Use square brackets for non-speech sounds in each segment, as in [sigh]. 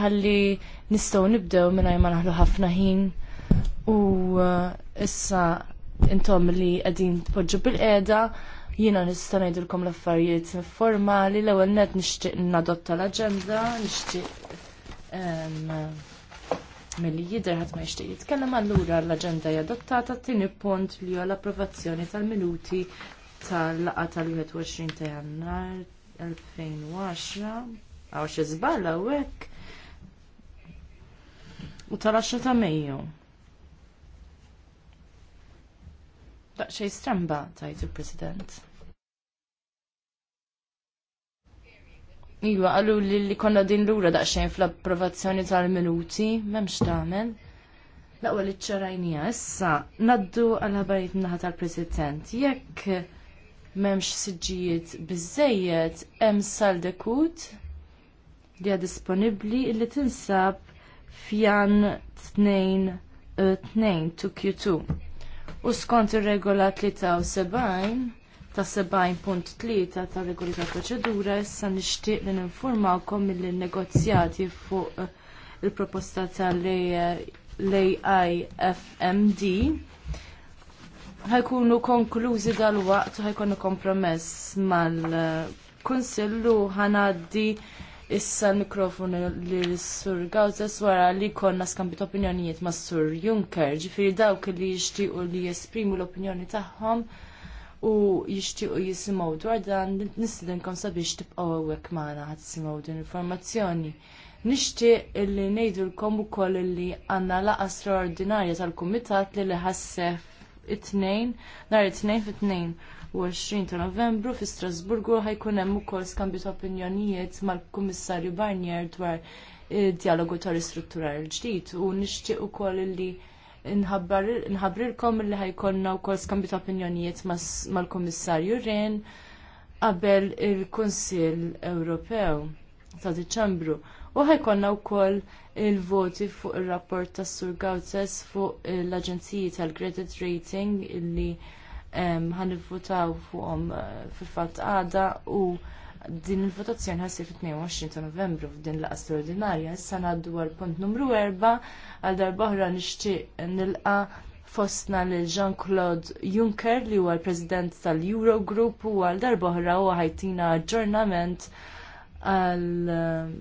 ħalli nistgħu nibdew mingħajr ma naħlu ħafna ħin u uh, issa intom li qegħdin tpoġġu bil qeda jina nista' ngħidilkom l-affarijiet formali l-ewwel net nixtieq nadotta l-aġenda, nixtieq milli jidher ħadd ma jishtiq jitkellem allura l-aġenda hija t-tini punt li huwa l-approvazzjoni tal-minuti tal-laqa tal-21 ta' jannar 2010. Għaw xi żball hawnhekk u tal-10 ta' Mejju. Daqxej stramba, tajt il-President. Iwa, għallu li li konna din l-ura daqxejn fl-approvazzjoni tal-minuti, memx tamen. L-ewwel ċarajni issa naddu għal ħabarijiet naħa tal-President. Jekk m'hemmx siġijiet bizzejiet, hemm sal dekut li hija disponibbli li tinsab fjan 2-2 to Q2. U skont ir-regola 73 ta' 70.3 ta' regoli ta' proċedura issa nixtieq li ninformawkom milli negozjati fuq e, il-proposta tal-AIFMD ħajkunu konklużi dal-waqt u ħajkunu kompromess mal-Kunsillu e, ħanaddi issa l-mikrofonu li sur Gawzes wara li konna skambit opinjonijiet ma' sur Juncker, ġifiri dawk li jixtiequ li jesprimu l-opinjoni tagħhom u jixtiequ jisimgħu dwar dan nistidenkom sabiex tibqgħu hawnhekk maħna għad simaw din informazzjoni. Nixtieq illi u ukoll illi għandna laqgħa straordinarja tal-kumitat li li ħassef it-tnejn nhar it-tnejn fit-tnejn. 20 ta' Novembru fi Strasburgu ħajkun hemm ukoll skambju ta' opinjonijiet mal-Kummissarju Barnier dwar eh, dialogu ta' ristrutturar ġdid u nixtieq ukoll li nħabrilkom li ħajkollna wkoll skambju ta' opinjonijiet mal-Kummissarju Ren qabel il-Kunsill Ewropew ta' Diċembru. U ħajkonna wkoll il-voti fuq ir il rapport tas Sur Gawzes fuq eh, l-Aġenziji tal-Credit Rating illi votaw fuqhom eh, fil fat għada u din il-votazzjoni ħassir fit-22 ta' Novembru f'din l straordinarja. Issa għaddu għal punt numru 4 għal darba oħra nixtieq nilqa fostna lil Jean-Claude Juncker li huwa l-President tal-Eurogroup u għal darba oħra huwa ħajtina aġġornament eh,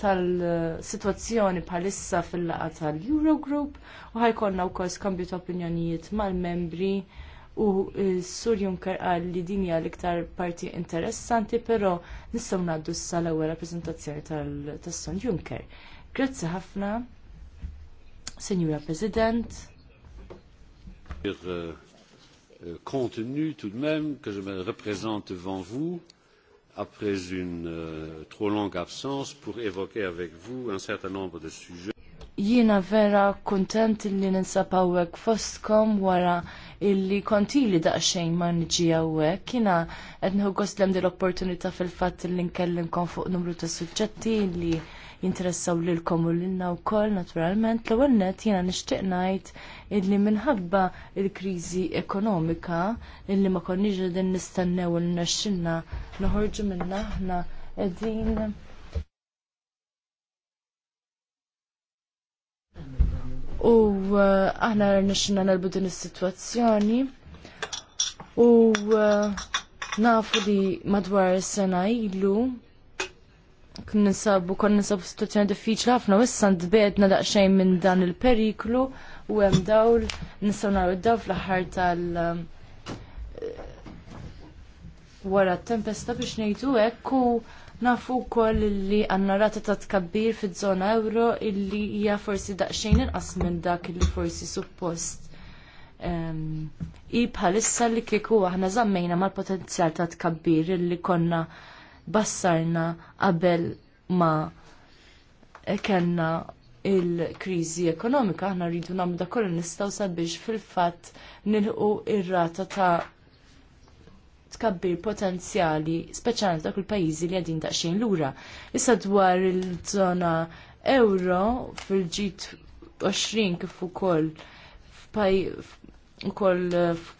tal-sitwazzjoni bħalissa fil laqgħa tal-Eurogroup u ħajkonna wkoll skambju ta' opinjonijiet mal-membri u Sur Juncker għal li din hija l-iktar parti interessanti, però nistgħu ngħaddu issa l-ewwel rappreżentazzjoni tas-Son Juncker. Grazzi ħafna, Sinjura President. Euh, euh, Compte tenu tout de même que je me représente devant vous après une euh, trop longue absence pour évoquer avec vous un certain nombre de sujets. Jina vera kontent li ninsa pawek fostkom wara illi kontili daqsxejn ma nġi għawek. Kina qed nħu gostlem l opportunità fil-fatt li nkellimkom fuq numru ta' suġġetti li jinteressaw lilkom u lilna wkoll naturalment. L-ewwel nett jiena nixtieq ngħid illi minħabba il-kriżi ekonomika illi ma konniġ din nistennew il nexxinna noħorġu minna ħna qegħdin u uh, aħna rnexxina nelbu din is-sitwazzjoni u uh, nafu li madwar is-sena ilu kun nisabu kon nisabu situazzjoni diffiċli ħafna u issa ntbedna daqsxejn minn dan il-periklu u hemm dawl nistgħu naraw dawl fl-aħħar tal um, wara t-tempesta biex ngħidu hekk u Nafu wkoll li għandna rata ta' tkabbir fiż-żona euro illi hija forsi daqsxejn inqas minn dak illi forsi suppost ehm, i bħalissa li kieku aħna żammejna mal-potenzjal ta' tkabbir illi konna bassarna qabel ma kellna il-kriżi ekonomika, aħna rridu nagħmlu da kollu nistgħu sabiex fil-fatt nilqu ir-rata ta' tkabbir potenzjali, speċjalment dak il-pajjiżi li għadin daqsxejn lura. Issa dwar il-żona euro fil ġid 20 kif ukoll ukoll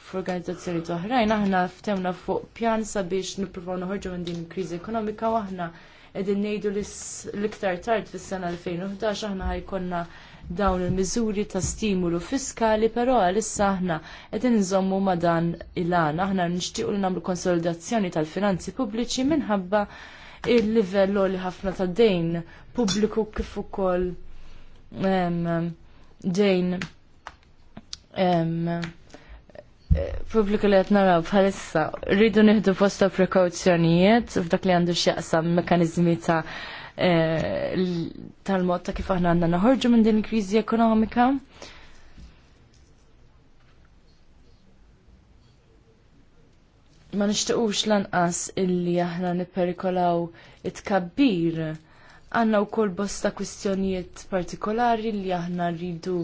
f'organizzazzjoni oħrajn aħna ftemna fuq pjan sabiex nippruvaw noħorġu minn din il-kriżi ekonomika u aħna qegħdin ngħidu l-iktar tard fis-sena 2011 aħna ħajkonna dawn il-miżuri ta' stimulu fiskali, però għalissa aħna qegħdin nżommu ma' dan il-għan. Aħna nixtiequ li nagħmlu konsolidazzjoni tal-finanzi pubbliċi minħabba il-livell li ħafna ta' dejn pubbliku kif ukoll dejn pubbliku li qed naraw bħalissa rridu nieħdu posta prekawzjonijiet f'dak li għandu x'jaqsam mekkaniżmi ta' Eh, tal-mod ta' kif aħna għandna naħorġu minn din il-kriżi ekonomika. ma nishtiqux lanqas illi aħna nipperikolaw it-kabbir għanna u koll bosta kwistjonijiet partikolari li aħna rridu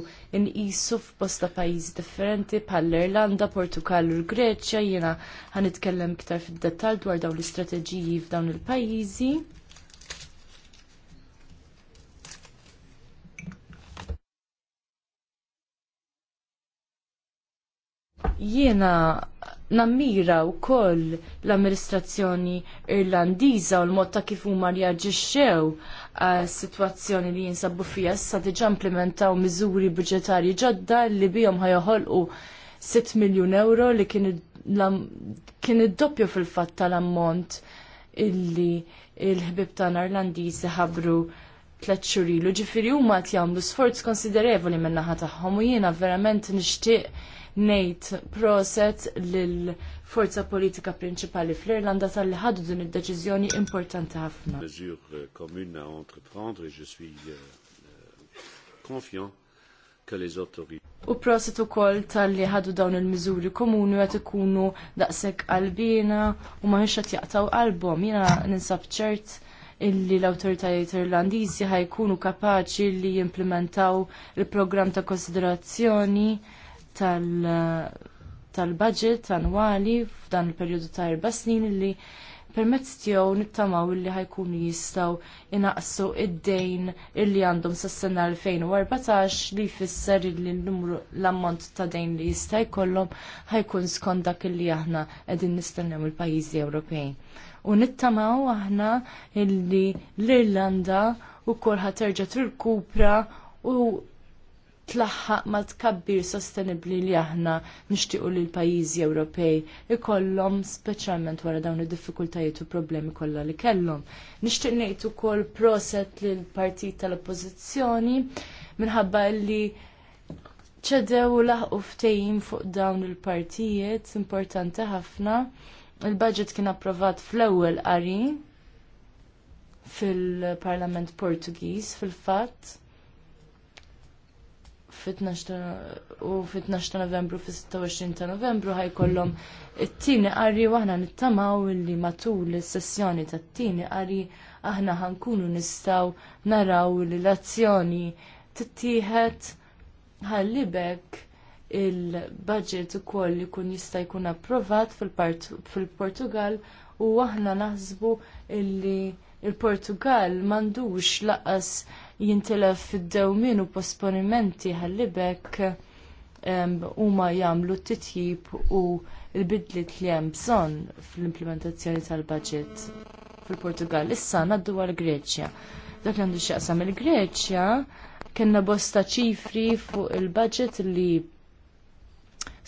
nqisu f'bosta pajjiżi differenti bħall irlanda Portugal u l-Greċja jiena ħanitkellem iktar fid-dettall dwar dawn l-istrateġiji f'dawn il-pajjiżi. Jiena nammira wkoll l-amministrazzjoni irlandiża u l-mod ta' kif huma reaġixxew għas-sitwazzjoni li jinsabu fija issa diġa' implementaw miżuri budġetarji ġodda li ħajoħol u 6 miljun euro li kien id-doppju fil-fatt tal-ammont illi il-ħbib tagħna Irlandiżi ħabru tlet xurilu, ġifiri u mat jamlu sforz konsiderevoli minnaħa taħħom u jiena verament nishtiq ngħid proset lil forza politika prinċipali fl-Irlanda tal-li ħadu din id-deċiżjoni importanti ħafna. Mesure euh, commune à entreprendre et je suis euh, euh, confiant que les autorités U proset u koll tal-li ħadu dawn il-mizuri komuni għat ikunu daqshekk qalbina u maħiċ qed jaqtaw qalbhom. Jiena ninsab ċert illi l-autoritajiet Irlandiżi ħajkunu kapaċi li jimplementaw il programm ta' konsiderazzjoni tal-budget tal annwali f'dan il-perjodu ta' erba' snin li permezz tiegħu nittamaw illi ħajkun jistgħu inaqsu id-dejn illi għandhom sas-sena 2014 li jfisser illi l-numru l-ammont ta' dejn li jista' jkollhom ħajkun skont dak illi aħna qegħdin nistennew il-pajjiżi Ewropej. U nittamaw aħna illi l-Irlanda wkoll ħaterġa' tirkupra u tlaħħaq ma tkabbir sostenibbli li aħna nixtiequ li l-pajjiżi Ewropej ikollhom speċjalment wara dawn id-diffikultajiet u problemi kollha li kellhom. Nixtieq ngħid ukoll proset lill partit tal-Oppożizzjoni minħabba li ċedew u laħqu ftejjin fuq dawn il-partijiet importanti ħafna. Il-budget kien approvat fl-ewwel qari fil-Parlament Portugiż fil-fatt fit-12 ta' novembru, fit-26 ta' novembru ħajkollhom it-tieni qari u aħna nittamaw li matul is-sessjoni tat-tieni qari aħna ħankunu nistgħu naraw li l-azzjoni tittieħed ħallibek il-budget ukoll ikun jista' jkun approvat fil-Portugal u aħna naħsbu illi il-Portugal m'għandux laqas jintilef fid-dewmin u posponimenti ħallibek huma jagħmlu t-titjib u l-bidlit li hemm bżonn fl-implementazzjoni tal-budget fil-Portugal. Issa ngħaddu għall greċja Dak għandu x'jaqsam il-Greċja kena bosta ċifri fuq il-budget li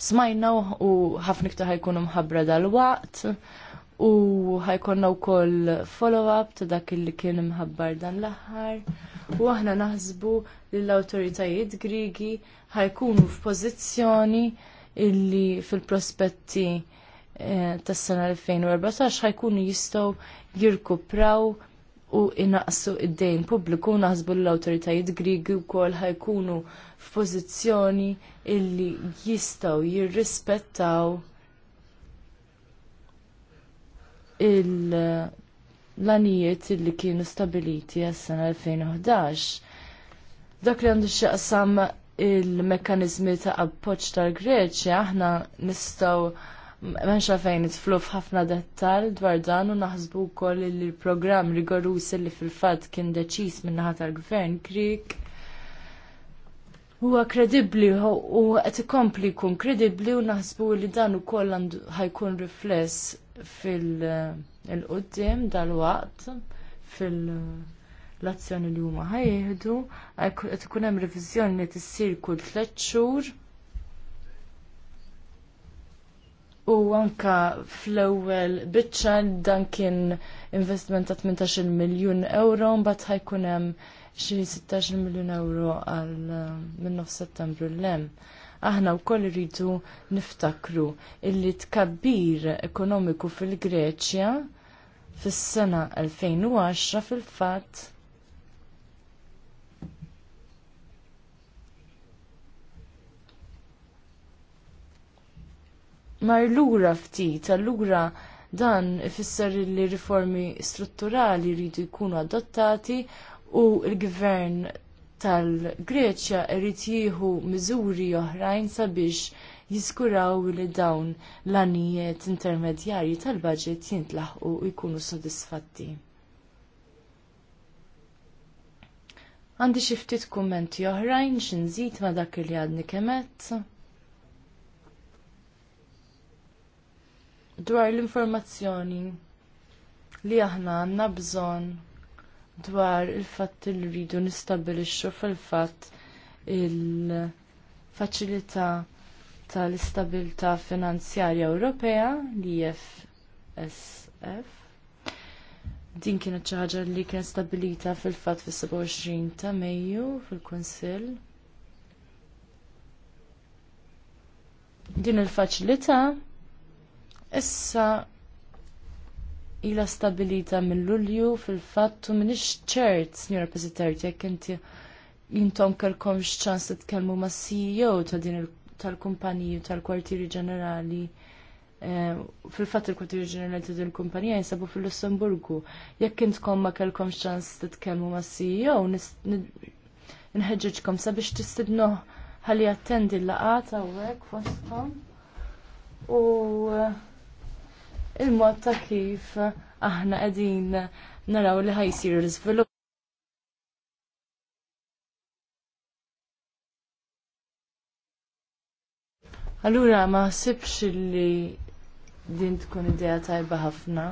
smajna u ħafna iktar ħajkunu mħabbra dal-waqt u ħajkonna wkoll follow-up ta' dak li kien imħabbar dan l-aħħar u aħna naħsbu li l-awtoritajiet Grigi ħajkunu f'pożizzjoni illi fil-prospetti eh, tas-sena 2014 ħajkunu jistgħu jirkupraw u inaqsu id-dejn pubbliku naħsbu l-autoritajiet Grigi wkoll ħajkunu f'pożizzjoni illi jistgħu jirrispettaw il-lanijiet li kienu stabiliti għas-sena 2011. Dak li għandu xaqsam il-mekkanizmi ta' appoċ tal-Greċja, aħna nistaw menxa fejn fluf ħafna dettal dwar dan u naħsbu wkoll li l-programm rigorus li fil-fatt kien deċiż min-naħa tal-Gvern Krik huwa kredibbli u qed ikompli jkun kredibbli u naħsbu li dan ukoll ħajkun rifless fil-qoddim dal-waqt fil-azzjoni li huma ħajjeħdu qed ikun hemm reviżjoni li tissir kull tliet xhur u anka fl-ewwel biċċa dan kien investiment ta' 18 miljun euro mbagħad ħajkun hemm xi 16 miljun euro għal minn settembru l-hemm aħna wkoll rridu niftakru illi tkabbir ekonomiku fil-Greċja fis-sena 2010 fil-fatt mar lura ftit, allura dan ifisser li riformi strutturali rridu jkunu adottati u l-gvern tal-Greċja irid jieħu miżuri oħrajn sabiex jiskuraw li dawn l-anijiet intermedjarji tal-budget jintlaħqu u jkunu sodisfatti. Għandi xi ftit kummenti oħrajn x'inżid ma' dak li għadni kemet. Dwar l-informazzjoni li aħna għandna bżonn dwar il-fatt li rridu nistabilixxu fil-fatt il-faċilità tal-istabilità finanzjarja Ewropea li FSF. Din kienet xi ħaġa li kienet stabilita fil-fatt fis-27 ta' Mejju fil-Kunsill. Din il-faċilità issa ila stabilita mill-Lulju fil-fatt u minix ċert, Signora President, jekk inti jintom kelkom xċans li ma' CEO ta' din tal-kumpaniju tal-kwartieri ġenerali. Eh, fil-fatt il-kwartieri ġenerali ta' din il-kumpanija jinsabu fil-Lussemburgu. Jekk intkom ma' kelkom xċans li ma' CEO, nħedġiġkom sabiex t-istidno ħalli attendi l-laqata u għek eh, fostom. U il-mod ta' kif aħna qegħdin naraw li ħajsir l-iżvilupp. Allura ma sibx li din tkun idea tajba ħafna.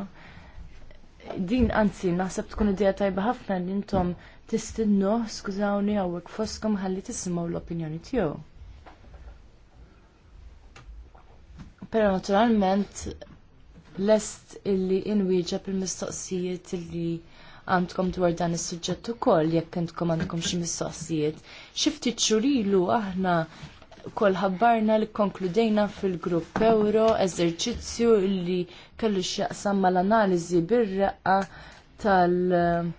Din anzi naħseb tkun idea tajba ħafna li intom tistinnu skużawni hawnhekk foskom ħalli tisimgħu l-opinjoni tiegħu. Pero naturalment lest illi inwieġa il mistoqsijiet illi għandkom dwar dan is-suġġett ukoll jekk intkom għandkom xi mistoqsijiet. Xi ftit xurilu aħna kol ħabbarna li konkludejna fil-grupp Euro eżerċizzju illi kellu x'jaqsam mal-analiżi bir-reqqa tal-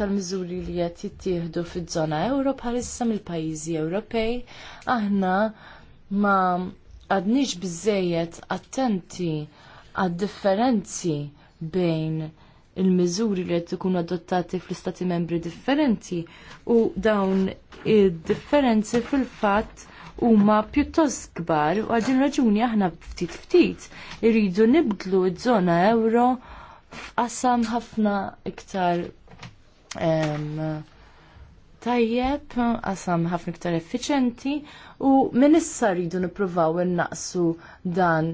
tal-miżuri li qed jittieħdu fiż-żona Ewro bħalissa mill-pajjiżi Ewropej aħna ma għadniex biżejjed attenti għad-differenzi bejn il-miżuri li qed ikunu adottati fl-istati membri differenti u dawn id-differenzi fil-fatt huma pjuttost kbar u għal raġuni aħna ftit ftit irridu nibdlu ż-żona euro f'qasam ħafna iktar tajjeb, qasam ħafna iktar effiċenti u minn issa rridu nippruvaw innaqsu dan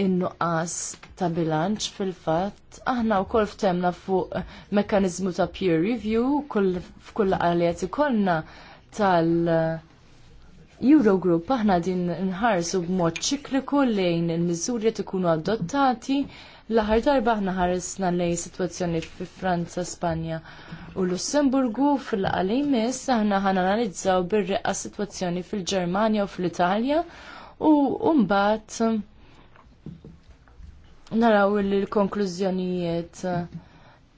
in-nuqqas ta' bilanċ fil-fatt. Aħna wkoll ftemna fuq mekkaniżmu ta' peer review f'kull għaliet ikollna tal- Eurogroup aħna din nħarsu b'mod ċikliku lejn il-miżuri li ikunu adottati L-aħħar darba aħna ħaresna lejn sitwazzjoni fi Franza, Spanja u Lussemburgu fil-qali miss aħna ħanalizzaw bir-reqqa sitwazzjoni fil-Ġermanja u fl-Italja u mbagħad naraw li l-konklużjonijiet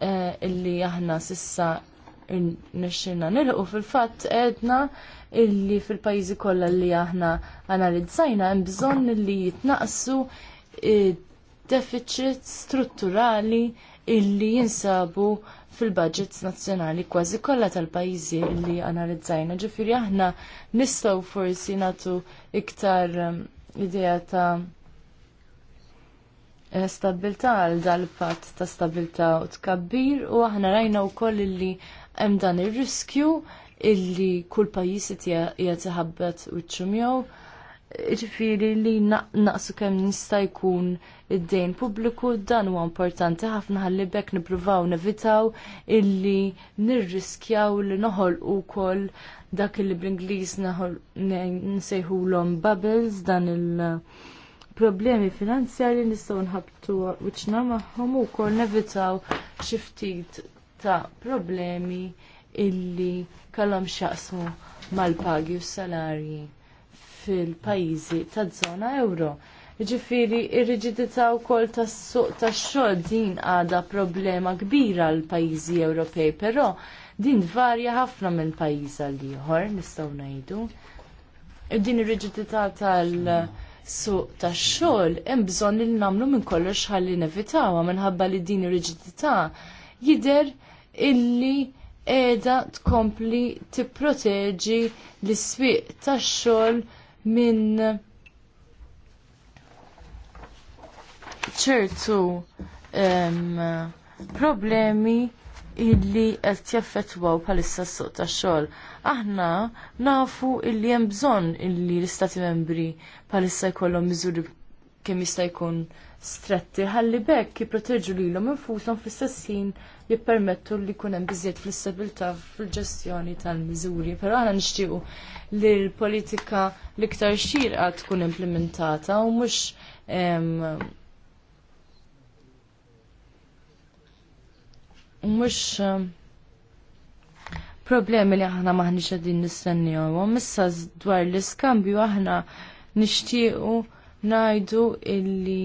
eh, illi aħna sissa nixxina nilqu fil-fatt edna illi fil-pajjiżi kollha li aħna analizzajna hemm bżonn li jitnaqsu deficit strutturali illi jinsabu fil-budgets nazzjonali kważi kollha tal-pajjiżi illi analizzajna. Ġifieri aħna nistgħu forsi nagħtu iktar eh, idea ta' Eh, stabilta għal dal-pat ta' stabilta u tkabbir u aħna rajna wkoll illi hemm dan ir-riskju illi kull pajjiż qiegħed iħabbet wiċċu miegħu ġifiri li naqsu kem nista jkun id-dejn pubbliku dan huwa importanti ħafna ħalli bekk nippruvaw nevitaw illi nirriskjaw li noħol wkoll dak li bl-Ingliż nsejħulhom bubbles dan il- problemi finanzjarji nistgħu nħabtu wiċċna magħhom ukoll nevitaw xi ftit ta' problemi illi kellhom x'jaqsmu mal-pagi u s-salarji fil-pajjiżi taż-żona euro. Ġifiri, r riġidità wkoll tas-suq tax-xogħol din għadha problema kbira għal pajjiżi Ewropej, però din varja ħafna minn pajjiż għal ieħor, nistgħu ngħidu. Din ir-riġidità tal- suq tax-xogħol hemm bżonn li nagħmlu minn kollox ħalli nevitawha minħabba li din ir-riġidità jidher illi qiegħda tkompli tipproteġi l-iswieq tax-xogħol minn ċertu um, problemi illi qed jaffettwaw bħalissa s-suq tax-xogħol. Aħna nafu illi hemm bżonn illi l-Istati Membri bħalissa jkollhom miżuri kemm jista' jkun stretti ħalli bekk jipproteġu lilhom infushom fl-istess ħin jippermettu li jkun hemm biżjed flessibilità fil-ġestjoni tal-miżuri. Però aħna nixtiequ li l-politika l-iktar xierqa tkun implementata u mhux mhux ehm, problemi li aħna maħniex nistenni nistennihom. Issa dwar l-iskambju aħna nixtiequ ngħidu illi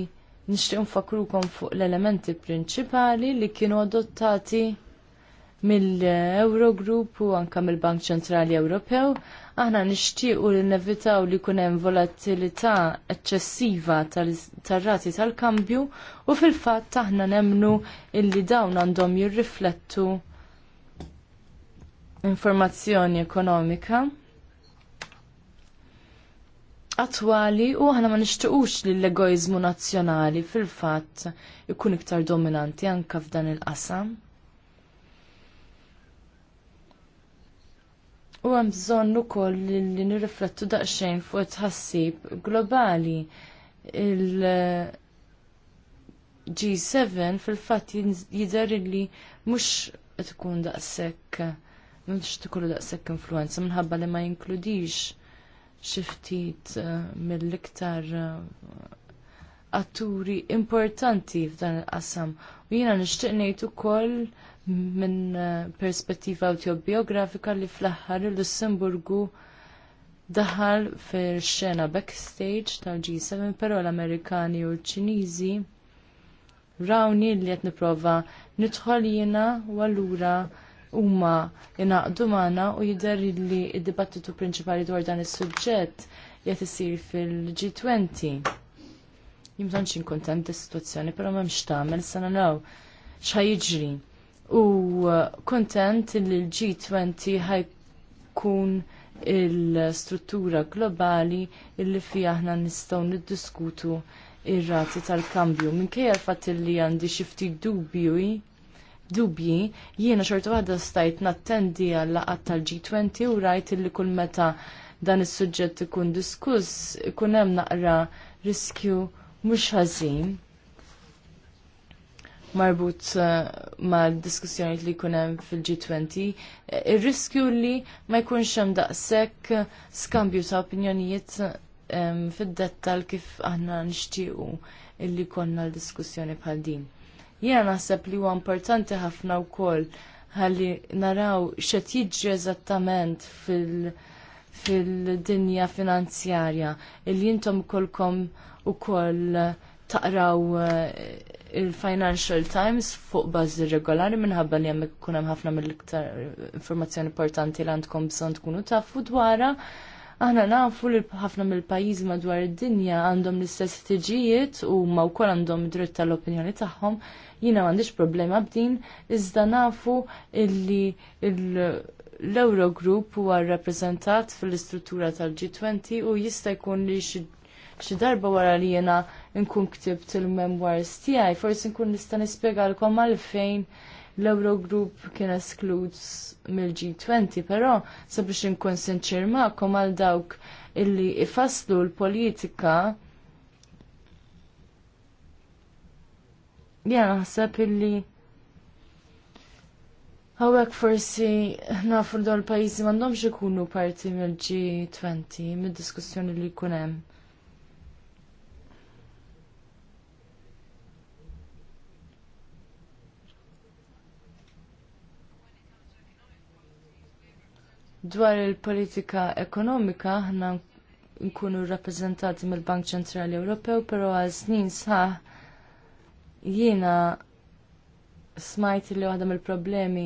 nishtiqu nfakrukom fuq l-elementi prinċipali li kienu adottati mill-Eurogroup u anka mill-Bank Ċentrali Ewropew, aħna nixtiequ li nevitaw li jkun hemm volatilità eċċessiva tar-rati tal-kambju u fil-fatt aħna nemnu illi dawn għandhom jirriflettu informazzjoni ekonomika attwali u aħna ma nixtiequx li l-egoizmu nazzjonali fil-fatt ikun iktar dominanti anke f'dan il-qasam. U hemm bżonn ukoll li nirriflettu daqsxejn fuq it-tħassib globali. Il-G7 eh, fil-fatt jidher li mhux tkun daqshekk mhux tkun daqshekk influenza minħabba li ma jinkludix xi ftit eh, mill-iktar eh, atturi importanti f'dan il-qasam. U jiena nixtieq ngħid ukoll minn eh, perspettiva autobiografika li fl-aħħar il-Lussemburgu daħal fil-xena backstage tal-G7, pero l-Amerikani u l-Ċiniżi rawni li qed nipprova nidħol jiena u allura huma jingħaqdu magħna u jidher li d-dibattitu prinċipali dwar dan is-suġġett jgħet isir fil-G20. kontent inkontent situazzjoni pero però m'hemmx tagħmel sena naw x'ħajġri. jiġri u uh, kontent li l-G20 ħajkun il-struttura globali illi fija aħna nistgħu niddiskutu ir-rati tal-kambju. Minkejja l-fatt li għandi xi ftit dubji dubji, jiena xorta waħda stajt nattendi għall laqgħat tal-G20 u rajt illi kull meta dan is-suġġett ikun diskuss ikun hemm naqra riskju mhux ħażin marbut eh, mal diskussjoni li jkun hemm fil-G20, eh, ir-riskju li ma jkunx hemm daqshekk eh, skambju ta' opinjonijiet fid-dettal kif aħna nixtiequ illi konna l-diskussjoni bħal din. Jiena naħseb li huwa importanti ħafna wkoll ħalli naraw x'qed jiġri eżattament fil- fil-dinja finanzjarja illi jintom kolkom u koll taqraw eh, il-Financial Times fuq bażi regolari minħabba li jemmek ikun hemm ħafna mill-iktar informazzjoni importanti li għandkom bżon tkunu tafu dwarha. Aħna nafu li ħafna mill-pajjiżi madwar id-dinja għandhom l-istess tiġijiet u ma wkoll għandhom dritt tal-opinjoni tagħhom. Jiena m'għandix problema b'din, iżda nafu illi l-Eurogroup huwa rrappreżentat fil-istruttura tal-G20 u jista' jkun li xi darba wara li jiena nkun ktibt il-memoirs tiegħi, forsi nkun nista' nispjegalkom għalfejn l-Eurogroup kien eskluds mill-G20, però sabiex inkun sinċir magħkom għal dawk illi ifasslu l-politika Ja, naħseb illi Għawek forsi nafu l-dol pajizi mandomx ikunu parti mill-G20, mid-diskussjoni li kunem. dwar il-politika ekonomika aħna nkunu rappreżentati mill-Bank Ċentrali Ewropew, però għal snin sħaħ jiena smajt li waħda mill-problemi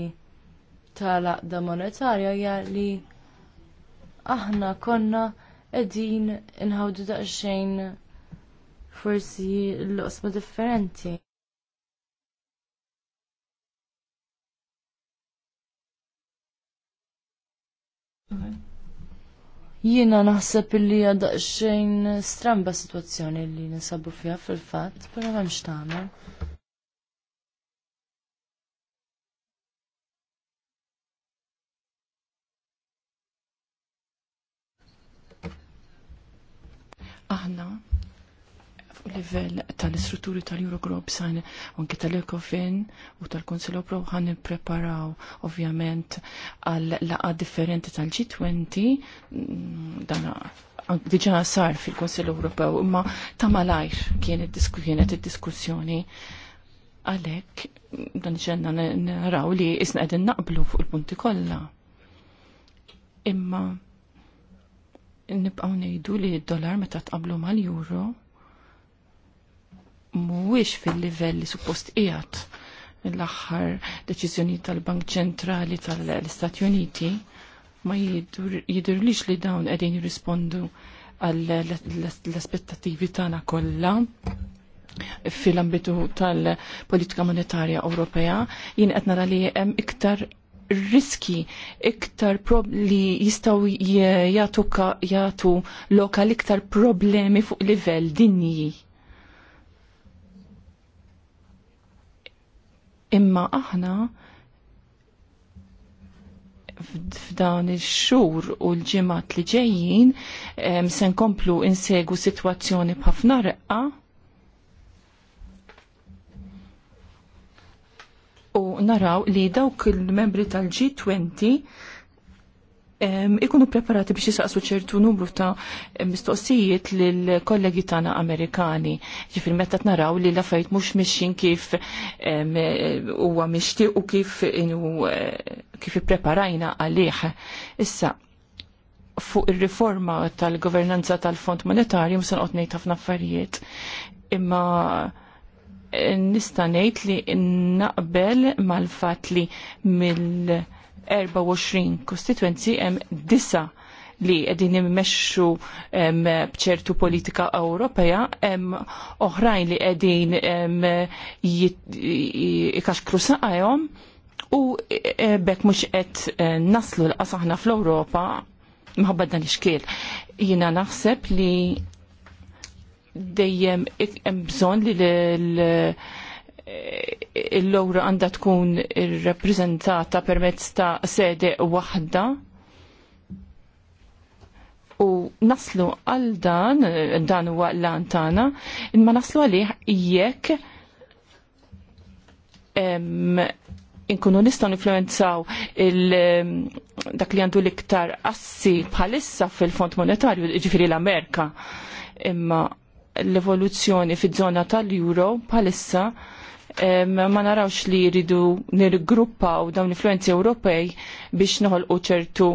tal-aqda monetarja hija li aħna konna qegħdin inħawdu daqsxejn forsi l-oqsma differenti. Jiena naħseb illi xejn stramba situazzjoni li nisabu fija fil-fatt, però għamx tagħmel. Aħna livell tal-istrutturi tal-Eurogroup san anke tal-Ecofin u tal-Konsil Ewropew ħan nippreparaw ovvjament għal laqa differenti tal-G20 dan diġa sar fil-Konsil Ewropew imma ta' malajr kienet kienet id-diskussjoni għalhekk dan ġenna naraw li isna qegħdin naqblu fuq il-punti kollha. Imma nibqgħu ngħidu li d-dollar meta tqablu mal-euro mhuwiex fil livelli li suppost ijat mill-aħħar deċiżjoni tal-Bank Ċentrali tal-Istati Uniti ma jidurlix li dawn qegħdin jirrispondu għall-aspettativi tagħna kollha fil-ambitu tal-politika monetarja Ewropea, jien qed nara li hemm iktar riski iktar li jistaw jagħtu jagħtu lokal iktar problemi fuq livell dinji Imma aħna f'dan il-xur u l-ġimat li ġejjin se nkomplu insegu situazzjoni b'ħafna reqqa u naraw li dawk il-membri tal-G20 ikunu preparati biex jisaqsu ċertu numru ta' mistoqsijiet lill-kollegi tagħna Amerikani. Ġifir meta naraw li l affajt mhux mixin kif huwa mixtieq u kif inu kif ippreparajna għalih. Issa fuq ir-riforma tal-governanza tal-Fond Monetarju mhux se ngħid ħafna affarijiet. Imma eh, nista' ngħid li naqbel mal-fatt li mill- 24 kostituenzi hemm disa li qegħdin immexxu bċertu politika Ewropea, hemm oħrajn li qegħdin ikaxkru saqajhom u e, bekk mhux qed e, naslu l aħna fl-Ewropa mħabba dan ix-xkiel. Jiena naħseb li dejjem hemm bżonn li l il lowra għandha tkun irrappreżentata permezz ta' sede waħda u naslu għal dan, dan huwa l-għan tagħna, imma naslu għalih jekk inkunu nistgħu influenzaw dak li għandu l-iktar assi bħalissa fil-Fond Monetarju, ġifiri l-Amerika, imma l-evoluzzjoni fiż żona tal-Euro bħalissa ma narawx li jridu u dawn influenzi Ewropej biex u ċertu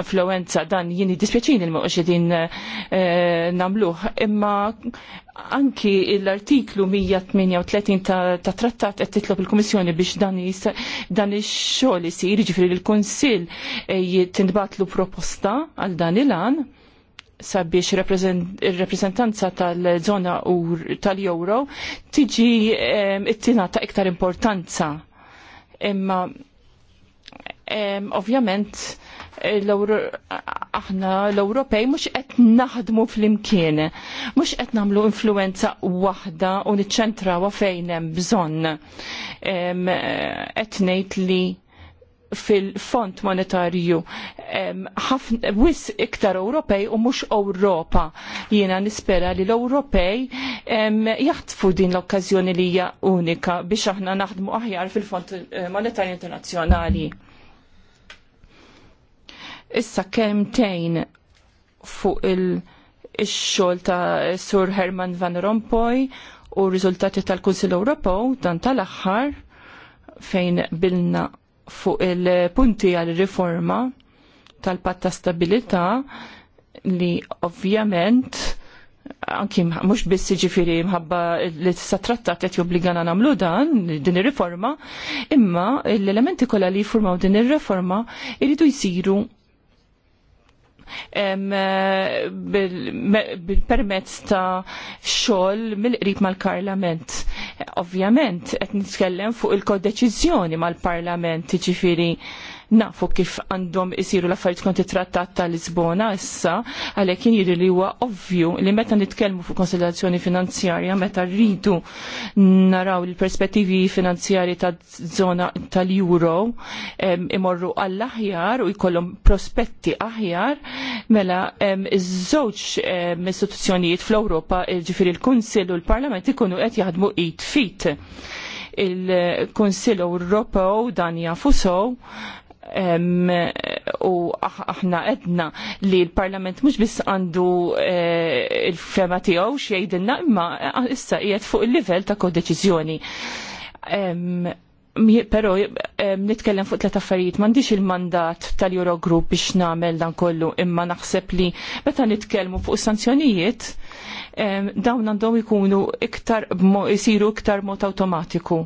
influenza dan jini dispieċin il-muqx din eh, namluħ. Imma anki l-artiklu 138 ta' trattat qed titlob il-Kummissjoni biex dan ix-xogħol isir jiġifieri l-Kunsill eh, jitintbatlu proposta għal dan il-għan sabiex il-reprezentanza tal-zona tal-Euro tiġi it ta' iktar importanza. Imma ovvjament aħna l-Ewropej mhux qed naħdmu fl-imkien, mhux qed nagħmlu influenza waħda u niċċentrawa fejn hemm bżonn. Qed ngħid li fil-Fond Monetarju wis iktar Ewropej u mhux Ewropa. Jiena nispera li l-Ewropej jaħtfu din l-okkażjoni li hija unika biex aħna naħdmu aħjar fil-Fond eh, Monetarju Internazzjonali. Issa kemtejn fuq il-xol ta' Sur Herman Van Rompuy u r riżultati tal-Kunsill Ewropew dan tal-aħħar fejn bilna fuq il-punti għal-riforma tal-patta stabilita li ovvjament anki mux biss ġifiri mħabba li tista trattat qed jobbligana nagħmlu dan din ir-riforma, imma l-elementi kollha li jiformaw din ir-riforma jridu jsiru bil-permezz ta' xogħol mill-qrib mal-Parlament. Ovvjament, qed nitkellem fuq il-kodeċiżjoni mal-Parlament, ġifieri nafu kif għandhom isiru l-affarijiet kont it-trattat ta' Lisbona issa, għalhekk jien jidri li huwa ovvju li meta nitkellmu fuq konsiderazzjoni finanzjarja meta rridu naraw il-perspettivi finanzjarji ta' zona tal-euro imorru għall-aħjar u jkollhom prospetti aħjar mela iż-żewġ istituzzjonijiet fl-Ewropa ġifieri l-Kunsill u l-Parlament ikunu qed jaħdmu it. fit il-Konsil Ewropew dan jafu sow Um, u aħna edna li l-parlament mux bis għandu uh, il-fema tijaw xiejdinna imma issa jiet fuq il-level ta' kodeċizjoni. Um, Pero nitkellem fuq tlet affarijiet m'għandix il-mandat tal-Eurogroup biex nagħmel dan kollu imma naħseb li meta nitkellmu fuq sanzjonijiet dawn għandhom ikunu iktar isiru iktar mod awtomatiku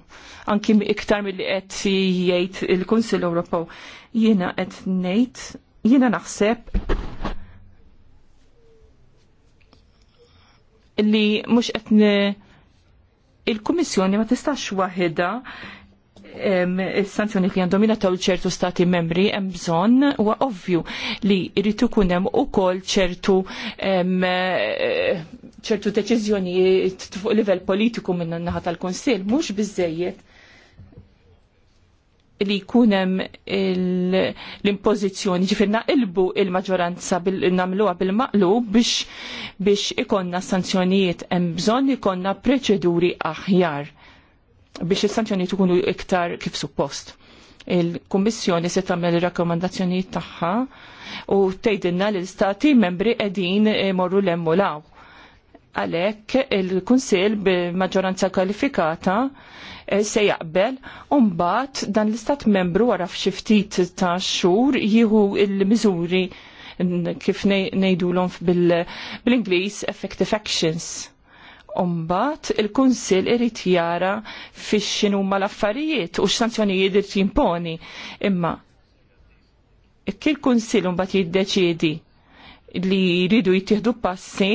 anki iktar milli qed jgħid il-Kunsill Ewropew. Jiena qed ngħid jiena naħseb li mhux qed il-Kummissjoni ma tistax waħedha sanzjoni li għandhom jingħataw ċertu stati membri hemm bżonn huwa ovvju li jrid ikun hemm ukoll ċertu ċertu deċiżjonijiet fuq livell politiku minn naħa tal-Kunsill mhux biżejjed li jkun hemm l-impożizzjoni ġifir naqilbu il-maġġoranza nagħmluha bil-maqlub biex ikollna ikonna sanzjonijiet hemm bżonn ikonna proċeduri aħjar biex il-sanzjoniet ikunu iktar kif suppost. Il-Kummissjoni se tagħmel ir-rakkomandazzjonijiet tagħha u tgħidilna li l-istati membri qegħdin morru lemmu law. Għalhekk il-Kunsill b'maġġoranza kwalifikata eh, se jaqbel u mbagħad dan l-istat membru wara f'xi ftit ta' xhur jieħu l miżuri kif ngħidulhom bil-Ingliż effective actions Umbat il-Kunsil irrit jara fix xinu ma l-affarijiet u x-sanzjonijiet irrit jimponi. Imma, kil kunsil umbat jiddeċiedi li jridu jittihdu passi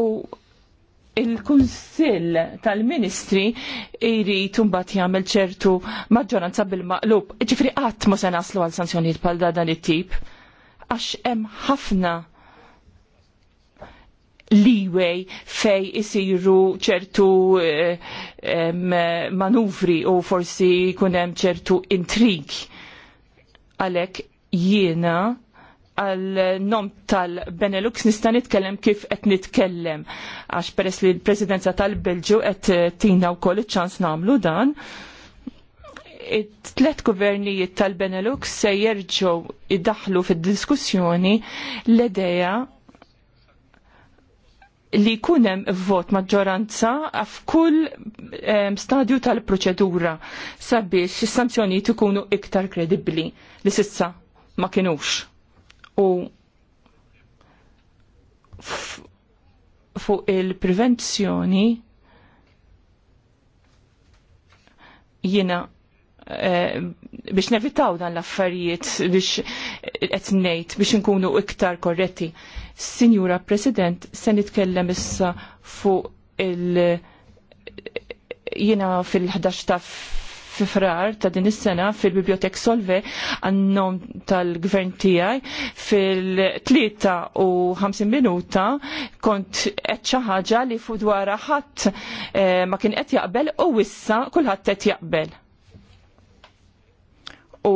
u il-Kunsill tal-Ministri jrid umbat jagħmel ċertu maġġoranza bil-maqlub. Ġifri qatt ma se naslu għal sanzjonijiet bħal dan it-tip għax hemm ħafna leeway fej isiru ċertu eh, manuvri u forsi kunem ċertu intrig. Għalek jiena għal nom tal-Benelux nista' nitkellem kif qed nitkellem għax peress li l-Presidenza tal-Belġu qed eh, tina wkoll iċ-ċans nagħmlu dan. It-tlet gvernijiet tal-Benelux se jerġgħu idaħlu fid-diskussjoni l-idea li kunem vot maġġoranza f'kull stadju tal-proċedura sabiex is-sanzjonijiet ikunu iktar kredibbli li sissa ma kinux. U fuq il-prevenzjoni jiena Eh, biex nevitaw dan l-affarijiet biex qed ngħid biex inkunu iktar korretti. Signora President, se nitkellem issa fuq il- jina fil-11 ta' fifrar ta' din is-sena fil-Bibliotek Solve għannom tal-gvern tiegħi fil-3 u 50 minuta kont qed xi ħaġa li fuq dwar ħadd eh, ma kien qed jaqbel u issa kulħadd qed jaqbel u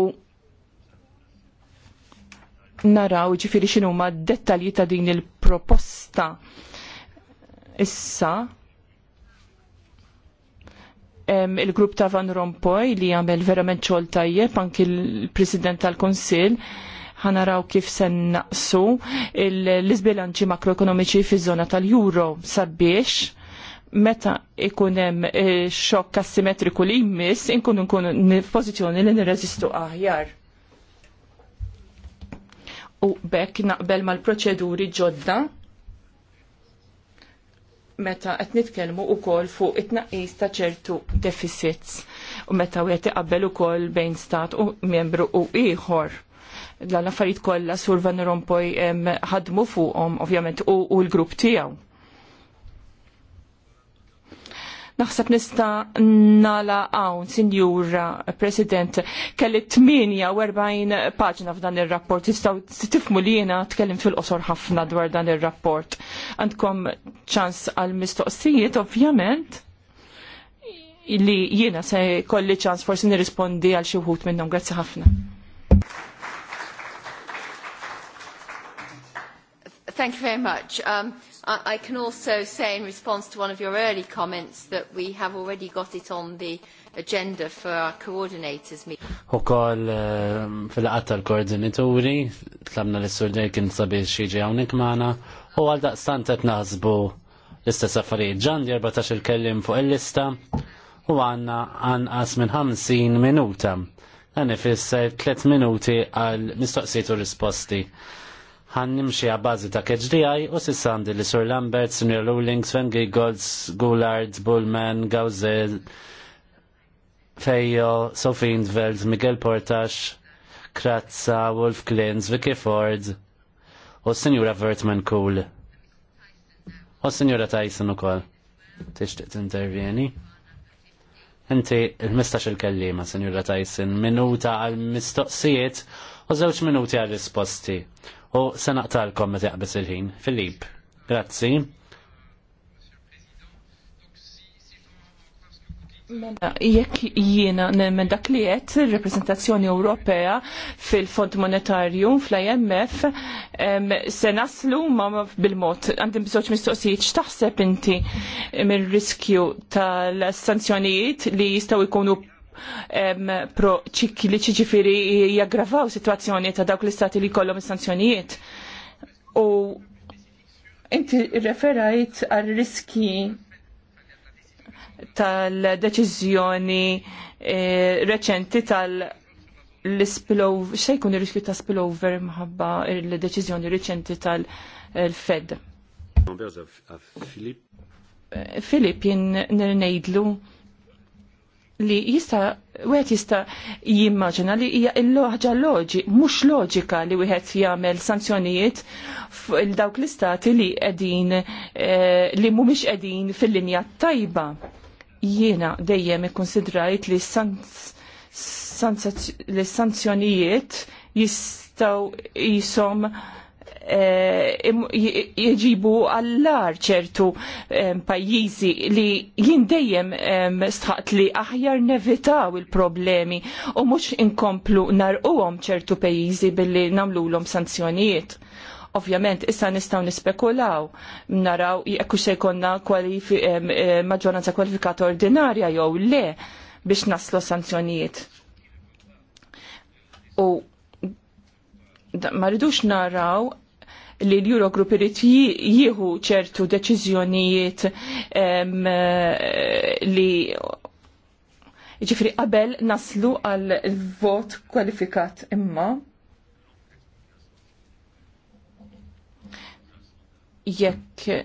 naraw ġifiri xinu ma dettalji ta' din il-proposta issa il-grupp ta' Van Rompuy li għamel verament xogħol tajjeb anki l-President tal-Kunsill ħanaraw kif se naqsu l-izbilanċi makroekonomiċi fiż-żona tal-Euro sabiex meta ikun hemm eh, xokk asimetriku li jmiss inkunu nkunu f'pożizzjoni li nirreżistu aħjar. U bekk naqbel mal-proċeduri ġodda meta qed nitkellmu wkoll fuq it-tnaqqis ta' ċertu deficits u meta wieħed iqabbel ukoll bejn stat u membru u ieħor l-affarijiet kollha Sur Van Rompuy ħadmu fuqhom ovvjament u, u l-grupp tiegħu Naħseb nista nala hawn, Sinjura President, kelli 48 paġna f'dan ir-rapport. Tistgħu tifmu li jiena tkellim fil-qosor ħafna dwar dan ir-rapport. Għandkom ċans għal mistoqsijiet ovvjament li jiena se kolli ċans forsi nirrispondi għal xi wħud minnhom. Grazzi ħafna. Thank you very much. Um, I, can also say in response to one of your early comments that we have already got it on the agenda for our coordinators meeting. U koll ehm, fil-qat tal-koordinaturi, tlamna l-sur Derkin sabiex jiġi għawnik maħna, u għal daqstan tet naħsbu l-istess affarijiet ġan 14 il-kellim fuq il-lista u għanna għanqas minn 50 minuta. Għan ifisser 3 minuti għal mistoqsijiet u risposti ħan nimxie għabazi ta' KHDI u sissandi li Sur Lambert, Sr. Luling, Sven Giggles, Goulard, Bullman, Gawzel, Fejo, Sophie Indveld, Miguel Portax, Kratza, Wolf Klins, Vicky Ford u Sr. Vertman Cool. U Sinjura Tyson u kol. Tixtiq t-intervjeni. Inti il-mistax il-kellima, Sinjura Tyson, minuta għal-mistoqsijiet u zewċ minuti għal-risposti u se naqtalkom meta il-ħin. Filip, grazzi. Mela, jekk jiena nemmen dak li qed ir-reprezentazzjoni Ewropea fil-Fond Monetarju fl-IMF se naslu ma bil-mod għandim bżonn mistoqsijiet x'taħseb inti mir-riskju tal-sanzjonijiet li jistgħu jkunu pro-ċikliċi ċiġifiri jaggravaw situazzjoni ta' dawk l-istati li kollom is-sanzjonijiet. U inti referajt għal riski tal-deċiżjoni eh, reċenti tal- l-spillover, xejkun il-riskju ta' spillover mħabba il-deċizjoni reċenti tal-Fed. Filip, eh, jien nirnejdlu li jista wieħed jista jimmaġina li hija l-loħġa loġi mhux loġika li wieħed jagħmel sanzjonijiet dawk l-istati li qegħdin eh, li mhumiex qegħdin fil-linja tajba. Jiena dejjem ikkonsidrajt li s sanzjonijiet jistgħu jisom Eh, jieġibu għallar ċertu eh, pajjiżi li jindejjem eh, stħat li aħjar nevitaw il-problemi u mux inkomplu narquhom ċertu pajjiżi billi nagħmluhom sanzjonijiet ovvjament issa nistaw nispekulaw, naraw jekk se jkollna maġġoranza kwalifikata ordinarja jew le biex naslu sanzjonijiet. U ma rridux naraw li l-Eurogroup irid jieħu ċertu deċiżjonijiet eh, li ġifri qabel naslu għal vot kwalifikat imma. Jekk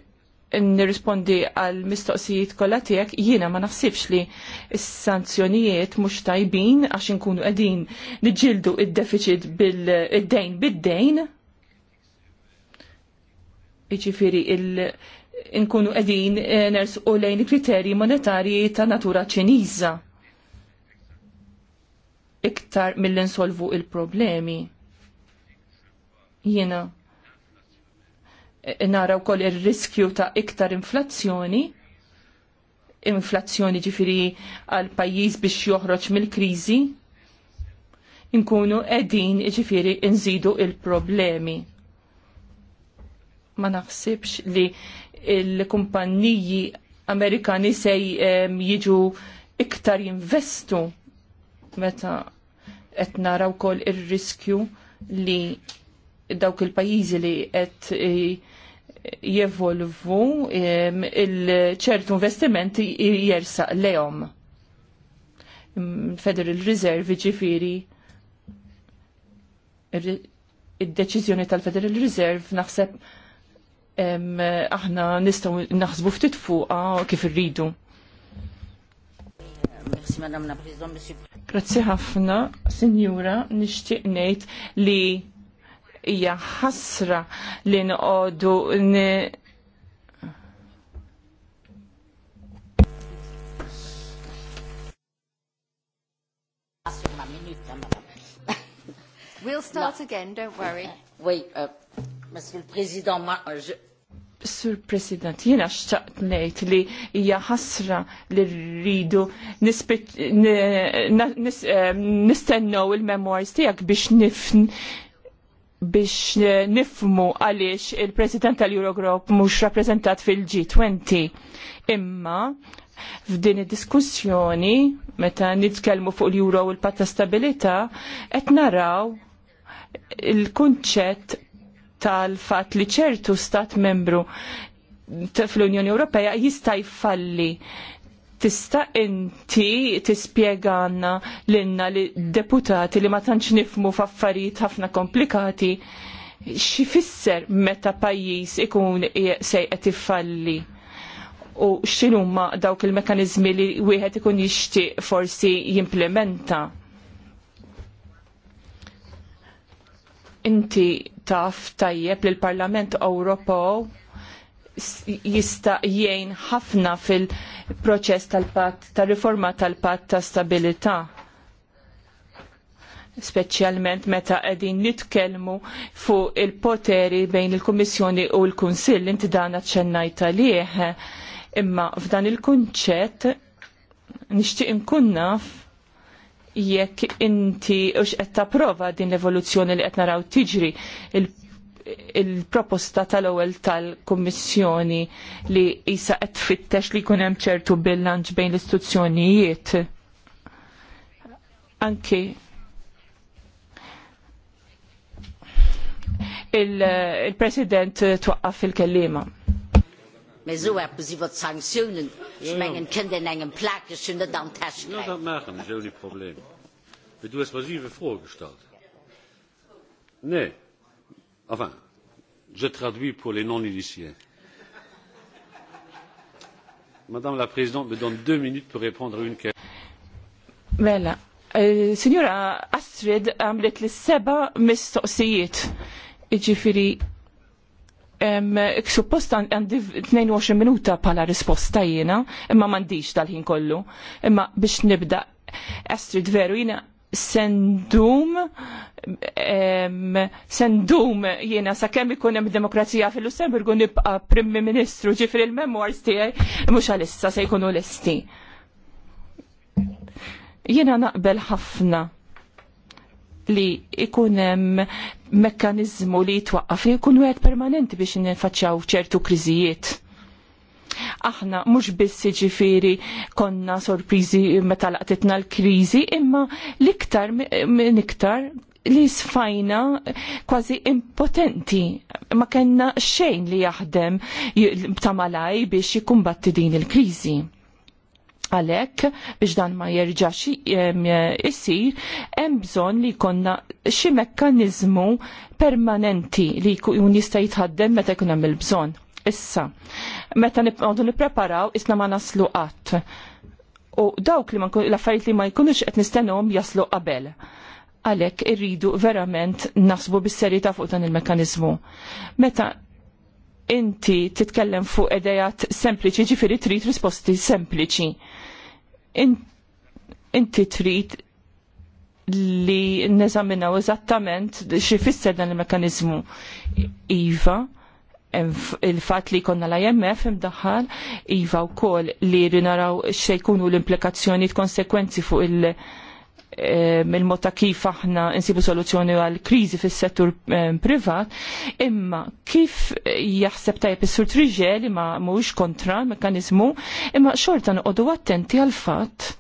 nirrispondi għal mistoqsijiet kollha tiegħek jiena ma naħsibx li s-sanzjonijiet mhux tajbin għax inkunu qegħdin niġġieldu id-deficit bil-dejn bid-dejn. bil dejn bid dejn Iġifiri il- inkunu edin eh, ners u lejn kriterji monetarji ta' natura ċiniża. Iktar mill-insolvu il-problemi. Jena. Eh, Nara wkoll ir-riskju ta' iktar inflazzjoni inflazzjoni ġifiri għal pajjiż biex joħroġ mill-kriżi, inkunu edin ġifiri nżidu il-problemi ma naħsibx li l kumpanniji Amerikani se jiġu iktar jinvestu meta qed naraw kol ir-riskju li dawk il-pajjiżi li qed e, jevolvu il-ċertu investimenti jersaq lehom. Federal Reserve ġifiri id-deċiżjoni tal-Federal Reserve naħseb aħna nistaw naħsbu ftit fuqha kif irridu. Grazzi ħafna, Sinjura, nixtieq ngħid li hija ħasra li noqogħdu We'll start again, don't worry. Wait, uh, Euh, Sur President, jiena xtaqt ngħid li hija ħasra li rridu nistennew il-memoirs tiegħek biex nifn biex nifmu għaliex il-President tal-Eurogroup mhux rappreżentat fil-G20. Imma f'din id-diskussjoni meta nitkellmu fuq l-Euro u l-Patta Stabilità qed naraw il-kunċett tal-fat li ċertu stat membru fl-Unjoni Ewropea jista' jfalli. Tista' inti tispjegana l-inna li deputati li ma tantx nifmu f'affarijiet ħafna komplikati xifisser meta pajjiż ikun sejqet ifalli u x'inhuma dawk il-mekanizmi li wieħed ikun jixtieq forsi jimplementa. Inti taf tajjeb li l-Parlament Ewropew jista' jgħin ħafna fil-proċess tal-patt tal-riforma tal-patt ta' stabilità speċjalment meta qegħdin nitkellmu fuq il-poteri bejn il-Kummissjoni u l-Kunsill inti dan aċċennajt għalih. Imma f'dan il-kunċett nixtieq inkun naf jekk inti ux etta tapprova din l-evoluzzjoni li qed naraw tiġri il-proposta tal-ewwel tal-Kummissjoni li jisa qed tfittex li jkun hemm ċertu bilanċ bejn l-istituzzjonijiet. Anki il-President twaqqaf il-kellima. Maar zo hebben ze wat sanctionen. Als men een kind in een plek is, zullen dan testen. Ja, dat maken, dat is ook niet het probleem. Maar du hast massive vorgestellt. Nee. Enfin, je traduis pour les non-initiés. Madame la Présidente me donne deux minutes pour répondre à une question. Mela, eh, Signora Astrid għamlet li seba mistoqsijiet. Iġifiri, suppost għandi 22 minuta pala risposta jena, imma mandiċ tal-ħin kollu. Imma biex nibda, Astrid veru jena sendum sendum jiena sa kemm ikun hemm demokrazija fil-Lussemburgu nibqa' primmi Ministru ġifri il-memoirs tiegħi mhux għalissa se jkunu esti Jiena naqbel ħafna li ikun hemm mekkanizmu li jitwaqqaf li jkun wieħed permanenti biex nifaċċaw ċertu kriżijiet. Aħna mhux biss jiġifieri konna sorpriżi meta laqtitna l-kriżi, imma l-iktar minn iktar li sfajna kważi impotenti. Ma kellna xejn li jaħdem ta' malaj biex jikumbatti din il-kriżi Għalhekk biex dan ma jerġax isir, hemm bżonn li jkollna xi mekkaniżmu permanenti li jkun jista' jitħaddem meta jkun hemm il-bżonn. Issa, meta nibqgħu nippreparaw isna ma naslu qatt. U dawk li l-affarijiet li ma jkunux qed nistennhom jaslu qabel għalek irridu verament nasbu bis-serjetà fuq dan il mekkaniżmu Meta inti titkellem fuq idejat sempliċi ġifiri trid risposti sempliċi inti trid li neżaminaw eżattament xi fisser dan il-mekanizmu. Iva, il-fat li konna l-IMF imdaħħal, Iva u kol li rinaraw xejkunu l-implikazzjoni konsekwenzi fuq il- Eh, mill mota kif aħna insibu soluzzjoni għal kriżi fis-settur eh, privat, imma kif jaħseb tajjeb is-sur Triġel li ma mhuwiex kontra l-mekkaniżmu, imma xorta noqogħdu attenti għal fatt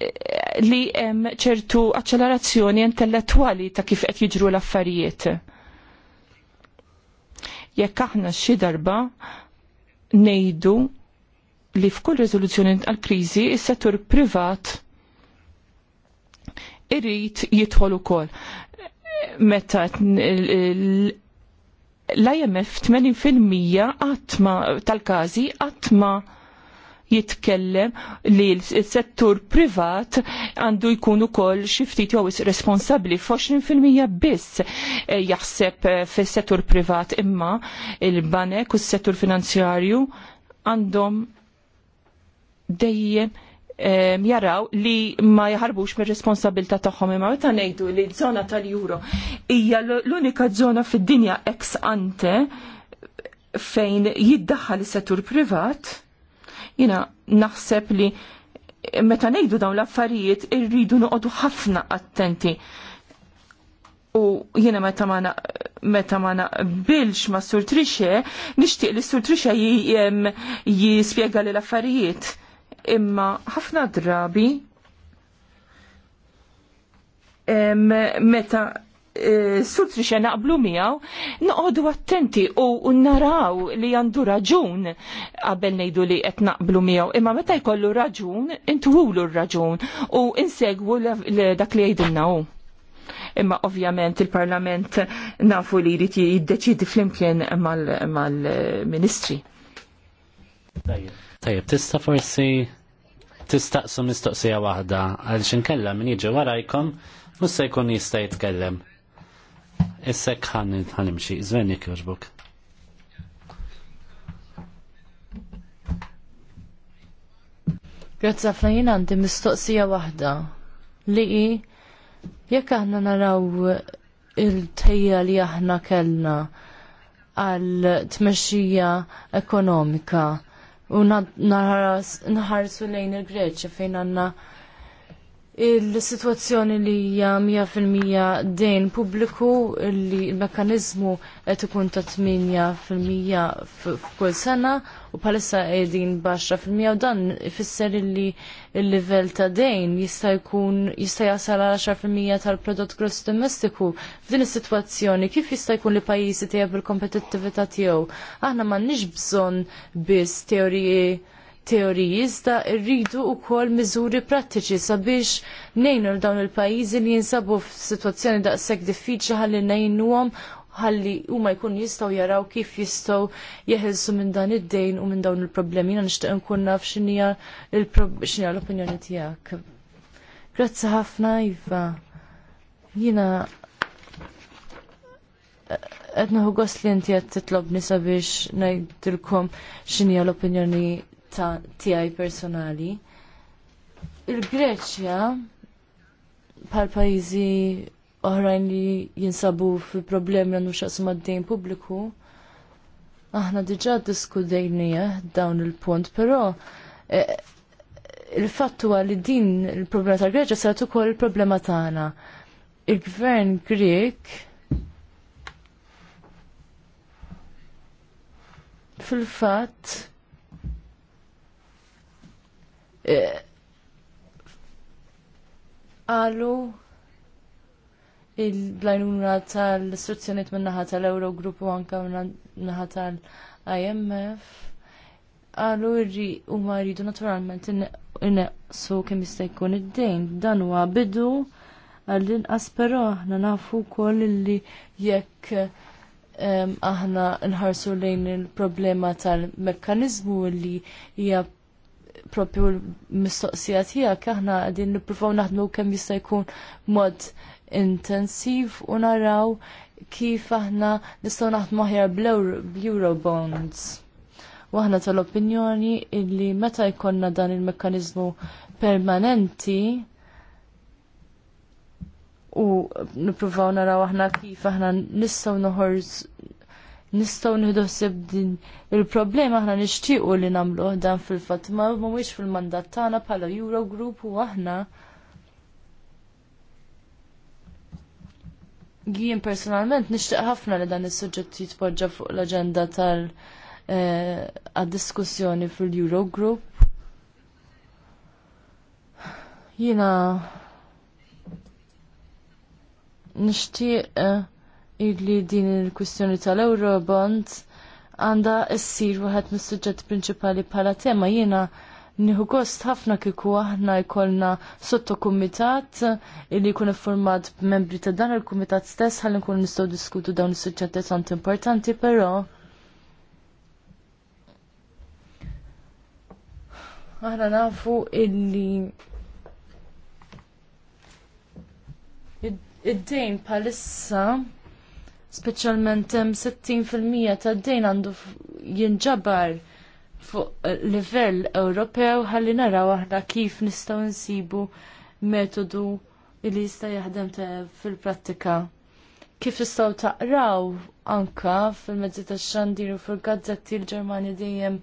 eh, li hemm ċertu aċċelerazzjoni intellettwali ta' kif qed jiġru l-affarijiet. Jekk aħna xi darba ngħidu li f'kull rezoluzzjoni għal-kriżi is-settur privat irrid jidħol ukoll. Meta l-IMF 80% għatma tal-każi għatma jitkellem li l-settur privat għandu jkun ukoll xi ftit jew responsabbli f'20% biss eh, jaħseb eh, fis-settur privat imma il-banek u s-settur finanzjarju għandhom dejjem jaraw li ma jaħarbux mir responsabilta tagħhom imma meta ngħidu li żona tal juro hija l-unika żona fid-dinja ex ante fejn jiddaħħal is-settur privat, jiena naħseb li meta ngħidu dawn l-affarijiet irridu noqogħdu ħafna attenti. U jiena meta ma meta ma naqbilx ma' Sur Trixe, nixtieq li Sur Trixe jispjega li l-affarijiet imma ħafna drabi meta eh, sultri xe naqblu miegħu, noqogħdu attenti u naraw li għandu raġun qabel ngħidu li qed naqblu miegħu. Imma meta jkollu raġun, intuwulu r-raġun u insegwu dak li jgħidilna hu. Imma ovvjament il-Parlament nafu li jrid jiddeċidi flimkien mal-Ministri. Mal Tajjeb, tista' forsi tistaqsu mistoqsija waħda għal xinkella min jiġi warajkom mhux se jkun jista' jitkellem. Issek ħan ħanimxi, żvenjek joġbok. Grazzi ħafna jien għandi mistoqsija waħda li hi jekk aħna naraw il-tejja li aħna kellna għal tmexxija ekonomika u naħarsu lejn il-Greċja fejn għandna il-situazzjoni li hija 100% dejn pubbliku li l-mekkanizmu qed ikun ta' 8% f'kull sena u bħalissa qegħdin baxra fil-mija u dan ifisser li l-livell ta' dejn jista' jkun jista' jasal għal 10% tal-prodott gross domestiku. F'din is-sitwazzjoni kif jista' jkun li pajjiżi tiegħek bil-kompetittività tiegħu? Aħna m'għandniex bżonn biss teoriji teoriji iżda rridu wkoll miżuri prattiċi sabiex l dawn il-pajjiżi li jinsabu f'sitwazzjoni daqshekk għalli ħalli ngħinuhom ħalli u ma jkun jistaw jaraw kif jistaw jeħilsu minn dan id-dejn u minn dawn il-problemi. Jina nishtaq nkun naf xinija l-opinjoni tijak. Grazzi ħafna, Iva. Jina għetna eh, hu għos li jinti għed titlobni sabiex najdilkom xinija l-opinjoni tiegħi personali. Il-Greċja bħal pajjiżi oħrajn li jinsabu fi problemi għandu xaqsu mad-dejn pubbliku, aħna diġà diskudejnija dawn il-punt, però e, il-fatt huwa li din il-problema tal Greċja saret ukoll il-problema tagħna. Il-gvern Grek fil-fatt Eh, għalu il-blajnuna tal-istruzzjoniet naħat tal-Eurogrupp u anka naħat tal-IMF għalu irri u maridu naturalment inneqsu kemm jista' jkun id-dejn. Dan huwa bidu għall-inqas però aħna nafu wkoll li jekk ehm, aħna nħarsu lejn il-problema tal-mekkanizmu li hija propju l-mistoqsija tiegħek aħna għadin nippruvaw naħdmu kemm jista' jkun mod intensiv u naraw kif aħna nistgħu naħdmu aħjar bl-Eurobonds. U aħna tal-opinjoni illi meta jkollna dan il-mekkaniżmu permanenti u nippruvaw naraw aħna kif aħna nistgħu noħorż nistgħu nħidosib din il-problema aħna nixtiequ li nagħmluh dan fil-fatt ma mhuwiex fil-mandat tagħna bħala Eurogroup u aħna Jien personalment nixtieq ħafna li dan is-suġġett jitpoġġa fuq l-aġenda tal- eh, għad-diskussjoni fil-Eurogroup. Jina nishtiq eh, illi din il-kwistjoni tal-Eurobond għanda issir waħed mis-suġġett prinċipali bħala tema jiena Niħu gost ħafna kiku aħna jkollna sotto kumitat illi jkun format membri ta' dan il-kumitat stess ħalli nkun nistgħu diskutu dawn is-suġġetti tant importanti, però aħna nafu illi id-dejn palissa speċjalment hemm 60% tad-dejn għandu jinġabar fuq livell Ewropew ħalli naraw aħna kif nistgħu nsibu metodu li jista' jaħdem fil-prattika. Kif tistgħu taqraw anka fil-mezzi tax-xandir u fil-gazzetti l-Ġermani dejjem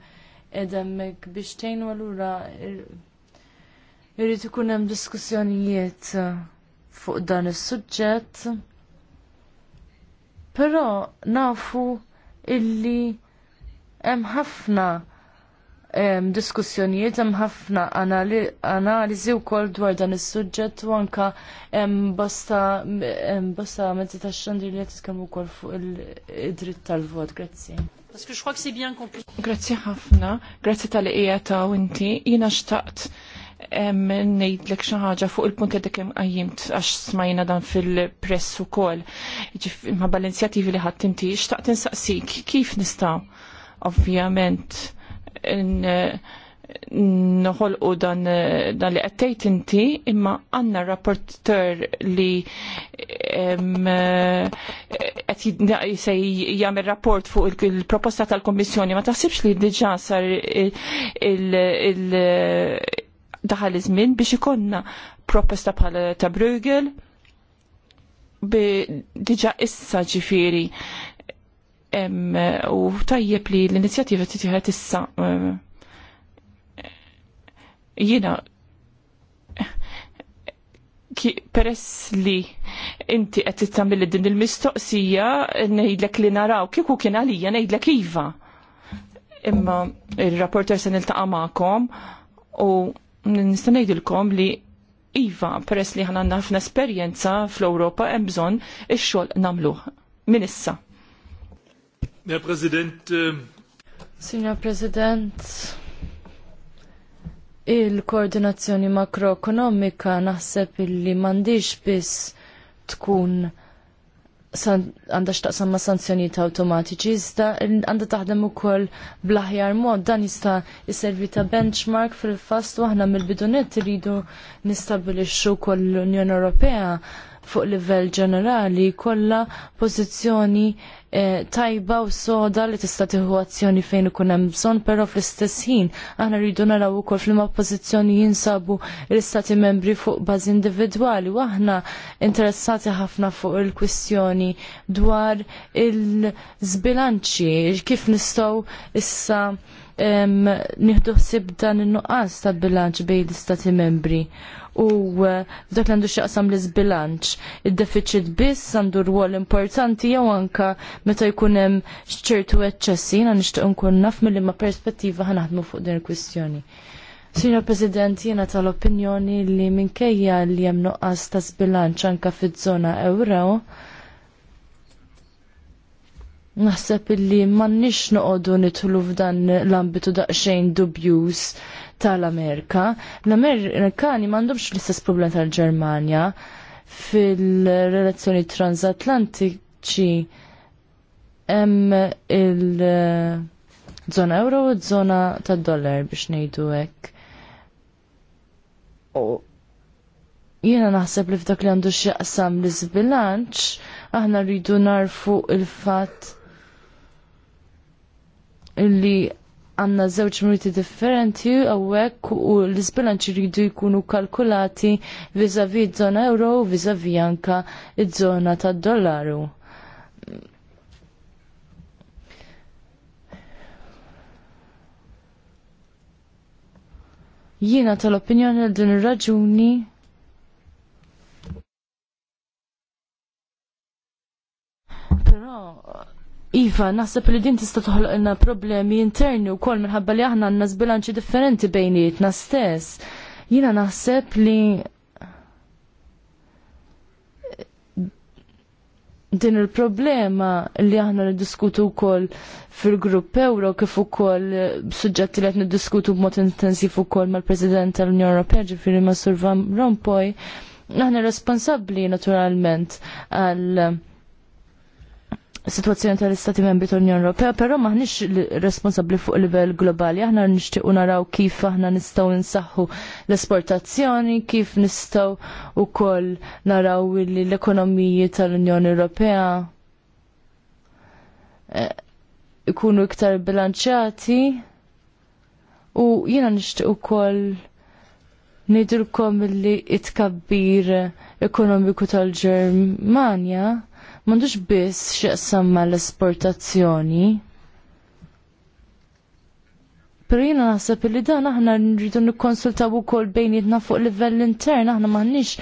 edemmek biex tgħinu allura irrid ikun hemm diskussjonijiet fuq dan is-suġġett. Però nafu illi hemm ħafna diskussjonijiet hemm ħafna analiżi wkoll dwar dan is-suġġett u anke hemm bosta bosta mezzi tax-xandri li qed iskemmu wkoll fuq id-dritt tal-vot. Grazzi. Grazzi ħafna, grazzi tal-qiegħa ta' inti, jiena xtaqt lek xaħġa fuq il-punt li kem għajjimt għax smajna dan fil-press u kol. Ma bal-inzjativi li ħadd xtaqt nsaqsik, kif nista' ovvjament noħolqu dan, dan li għattejt inti imma għanna rapporter li għet jgħamil rapport fuq il-proposta tal-Kommissjoni ma taħsibx li diġa sar il- daħal iż-żmien biex ikonna proposta bħal ta' Bruegel bi diġa issa ġifiri u tajjeb li l t titieħed issa jiena peress li inti qed tittamil din il-mistoqsija ngħidlek li naraw kieku kien għalija ngħidlek iva. Imma ir rapporter se niltaqa' magħkom u nista' ngħidilkom li iva peress li ħana ħafna esperjenza fl-Ewropa hemm bżonn ix-xogħol nagħmluh minn President. Äh, Signor President, il-koordinazzjoni makroekonomika naħseb illi m'għandix biss tkun għandha xtaqsam ma' sanzjonijiet awtomatiċi, iżda għandha taħdem ukoll bl-aħjar mod dan jista' jservi ta' benchmark fil-fast u aħna mill-bidunet iridu nistabilixxu wkoll l-Unjoni Ewropea fuq livell ġenerali kollha pożizzjoni eh, tajba u soda li tista' tieħu azzjoni fejn ikun hemm bżonn, però fl-istess ħin aħna rridu naraw ukoll f'liema pożizzjoni jinsabu l-istati membri fuq bażi individwali u aħna interessati ħafna fuq il-kwistjoni dwar il-żbilanċi, kif nistgħu issa nieħdu ħsieb dan in-nuqqas ta' bilanċ bejn l-istati membri. U eh, dak li għandu xaqsam l bilanċ id-deficit biss għandu rwol importanti jew anka meta jkun hemm ċertu eċċessi jiena nixtieq nkun naf mill ma perspettiva ħanaħdmu fuq din il-kwistjoni. Signor President, jiena tal-opinjoni li minkejja li hemm nuqqas ta' bilanċ anka fit-zona euro, Naħseb illi m'għandniex noqogħdu nidħlu f'dan l-ambitu daqsxejn dubjuż tal-Amerika. L-Amerikani m'għandhomx l-istess problem tal-Ġermanja fil-relazzjoni transatlantiċi hemm il-żona euro u żona tad-dollar biex ngħidu hekk. jiena naħseb li f'dak li għandu x'jaqsam l-iżbilanċ aħna rridu narfu il-fatt li għanna żewġ minuti differenti għawek u l-izbilanċi rridu jkunu kalkulati vizavi zona euro u vizavi anka iż-żona tad dollaru. Jiena tal-opinjoni din ir-raġuni Iva, naħseb li din tista' toħloq ilna problemi interni wkoll minħabba li aħna għandna zbilanċi differenti bejnietna stess. Jiena naħseb li din il-problema li aħna niddiskutu wkoll fil-grupp Ewro kif ukoll suġġetti li qed niddiskutu b'mod intensiv ukoll mal-President tal-Unjoni Ewropea ġifieri ma' Sur Van Rompuy, aħna responsabbli naturalment għal situazzjoni tal-Istati Membri tal-Unjoni Ewropea, però maħniex responsabbli fuq livell globali, aħna nixtiequ naraw kif aħna nistgħu nsaħħu l-esportazzjoni, kif nistgħu wkoll naraw li l-ekonomiji tal-Unjoni Ewropea eh, ikunu iktar bilanċati u jiena nixtieq ukoll ngħidilkom li t tkabbir ekonomiku tal-Ġermanja m'għandux biss ma l esportazzjoni Pero jiena naħseb li dan aħna nridu nikkonsultaw ukoll bejnietna fuq livell intern aħna m'aħniex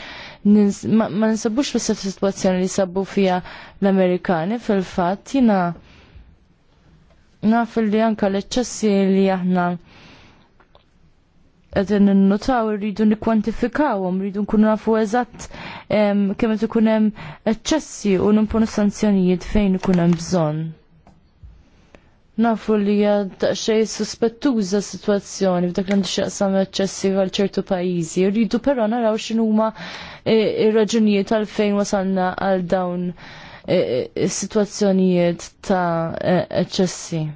ma ninsabux fis situazzjoni li sabu fija l-Amerikani fil-fatt jiena nafil li anka l-eċċessi li aħna għedin n-notaw, rridu nikwantifikawhom, rridu nkunu nafu eżatt kemm qed ikun hemm eċċessi u nimponu sanzjonijiet fejn ikun hemm bżonn. Nafu li xej suspettuża situazzjoni f'dak li għandu xaqsam eċċessi għal ċertu pajjiżi, rridu però naraw x'inhuma ir-raġunijiet e, e, għal fejn wasalna għal dawn is-sitwazzjonijiet e, ta' eċċessi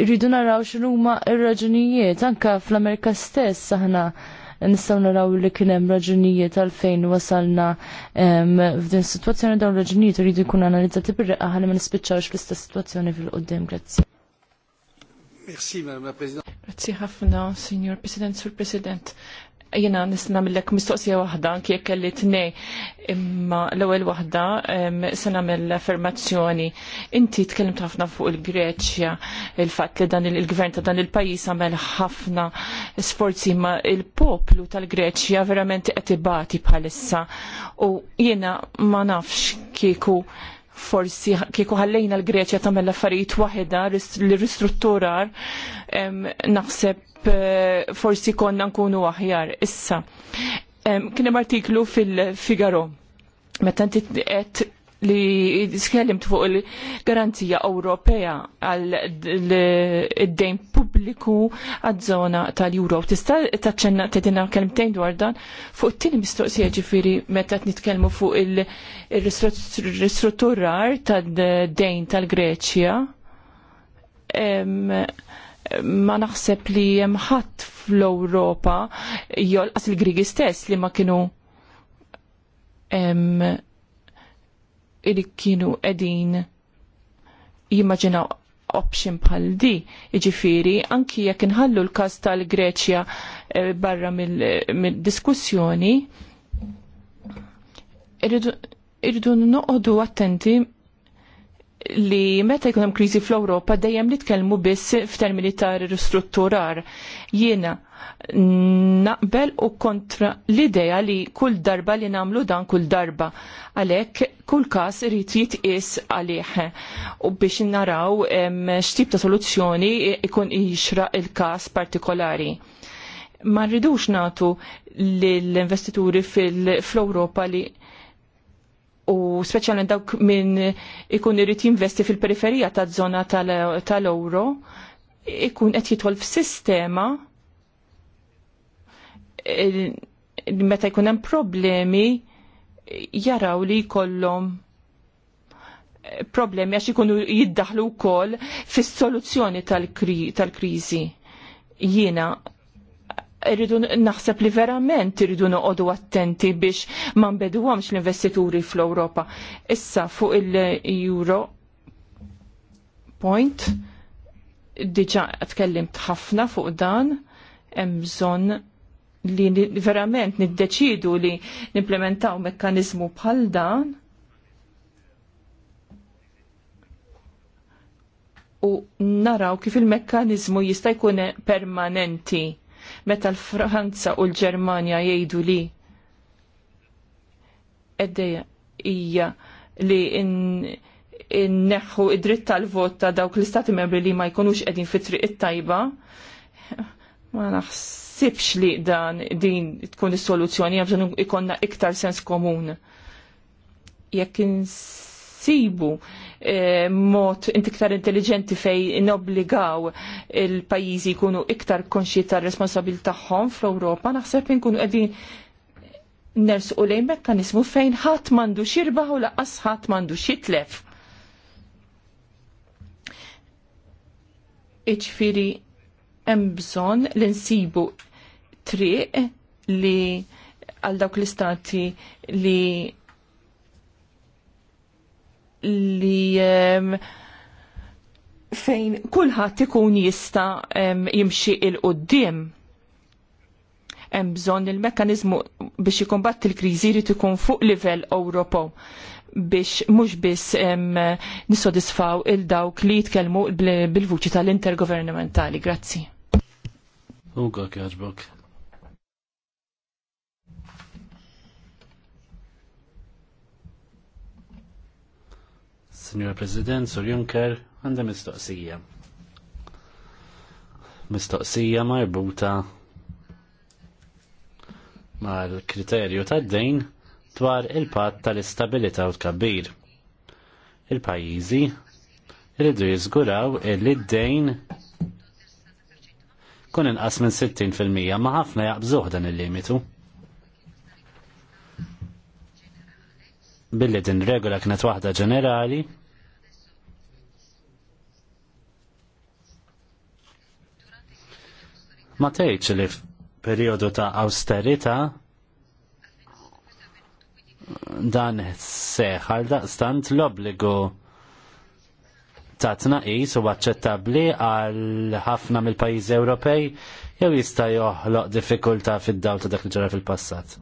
rridu naraw x'inhuma r-raġunijiet anke fl-Amerika stess aħna nistgħu naraw li kien hemm raġunijiet għalfejn wasalna f'din sitwazzjoni dawn raġunijiet rridu jkunu analizzati bir-reqqa ħalli ma nispiċċawx fl-istess sitwazzjoni fil-qudiem. Grazzi. Merci, Madame la Présidente. Grazie ħafna, Signor President, Sur President jena nisna millek mistoqsija wahda kie kelli tnej imma l-ewel wahda sena mill-affermazzjoni. Inti tkellim ħafna fuq il-Greċja, il-fat li dan il-gvern ta' dan il-pajis għamel ħafna sforzi ma il-poplu tal-Greċja verament etibati bħalissa u jena ma nafx kieku forsi kieku ħallejna l-Greċja tagħmel l-affarijiet waħda l-ristrutturar naħseb eh, forsi konna nkunu aħjar. Issa, kien hemm artiklu fil-Figaro meta qed li tkellimt fuq il-garanzija Ewropea għal id-dejn pubbliku għad-żona tal-Euro. Tista' taċċenna tetina kelmtejn dwar dan fuq it-tieni mistoqsija ġifieri meta qed nitkellmu fuq il-ristrutturar tad-dejn tal-Greċja. Ma naħseb li hemm ħadd fl-Ewropa jolqas il-Grigi stess li ma kienu li kienu edin jimmaġinaw option bħal di. Iġifiri, anki jekk inħallu l-kas tal-Greċja eh, barra mill-diskussjoni, irridu noqodu attenti li meta jkun hemm kriżi fl-Ewropa dejjem nitkellmu biss f'termini ta' ristrutturar. Jiena naqbel u kontra l-idea li kull darba li nagħmlu dan kull darba għalhekk kull każ irid jitqies għalih u biex naraw x'tip ta' soluzzjoni ikun ixra il-każ partikolari. Ma rridux natu l-investituri fl-Ewropa li u speċjalment dawk minn ikun irid jinvesti fil-periferija taż-żona tal-euro ikun qed jidħol f'sistema eh, meta jkun hemm problemi jaraw li jkollhom problemi għax ikunu jiddaħlu wkoll fis-soluzzjoni tal-kriżi. Tal Jiena irridu naħseb li verament irridu noqogħdu attenti biex ma nbeduhomx l-investituri fl-Ewropa. Issa fuq il-Euro point diġa tkellimt ħafna fuq dan hemm bżonn li verament niddeċidu li nimplementaw mekkanizmu bħal dan u naraw kif il-mekkanizmu jista' jkun permanenti meta l-Franza u l-Ġermanja jgħidu li eddeja hija li inneħħu id-dritt tal-vot ta' dawk l-istati membri li ma jkunux qegħdin fit-triq it-tajba, ma naħsibx li dan din tkun is-soluzzjoni għabżan ikonna iktar sens komun. Jekk insibu Eh, mod intiktar intelligenti fej nobbligaw il-pajjiżi jkunu iktar konxiet tar-responsabil tagħhom fl-Ewropa, naħseb inkunu qegħdin u lejn mekkanizmu fejn ħadd mandu xirbaħ u laqas ħadd mandu xitlef. Iċfiri hemm bżonn li nsibu triq li għal dawk l-istati li li fejn kulħadd ikun jista' jimxi il qudiem Hemm bżonn il-mekkaniżmu biex jikombatt il kriżi jrid ikun fuq livell Ewropew biex mhux biss nissodisfaw il-dawk li jitkellmu bil-vuċi tal-intergovernmentali. Grazzi. Uga Signor President, Sur Juncker, għandha mistoqsija. Mistoqsija marbuta mal-kriterju tad-dejn dwar il-patt tal-istabilità u tkabbir. Il-pajjiżi irridu jiżguraw li d-dejn kun inqas minn 60% ma ħafna jaqbżuh dan il-limitu. billi din regola kienet waħda ġenerali ma tgħidx li f'perjodu ta' awsterità? dan seħħ għal daqstant l-obbligu ta' tnaqis u aċċettabbli għal ħafna mill-pajjiżi Ewropej jew jista' joħloq diffikultà fid-dawl ta' dak li ġara fil-passat.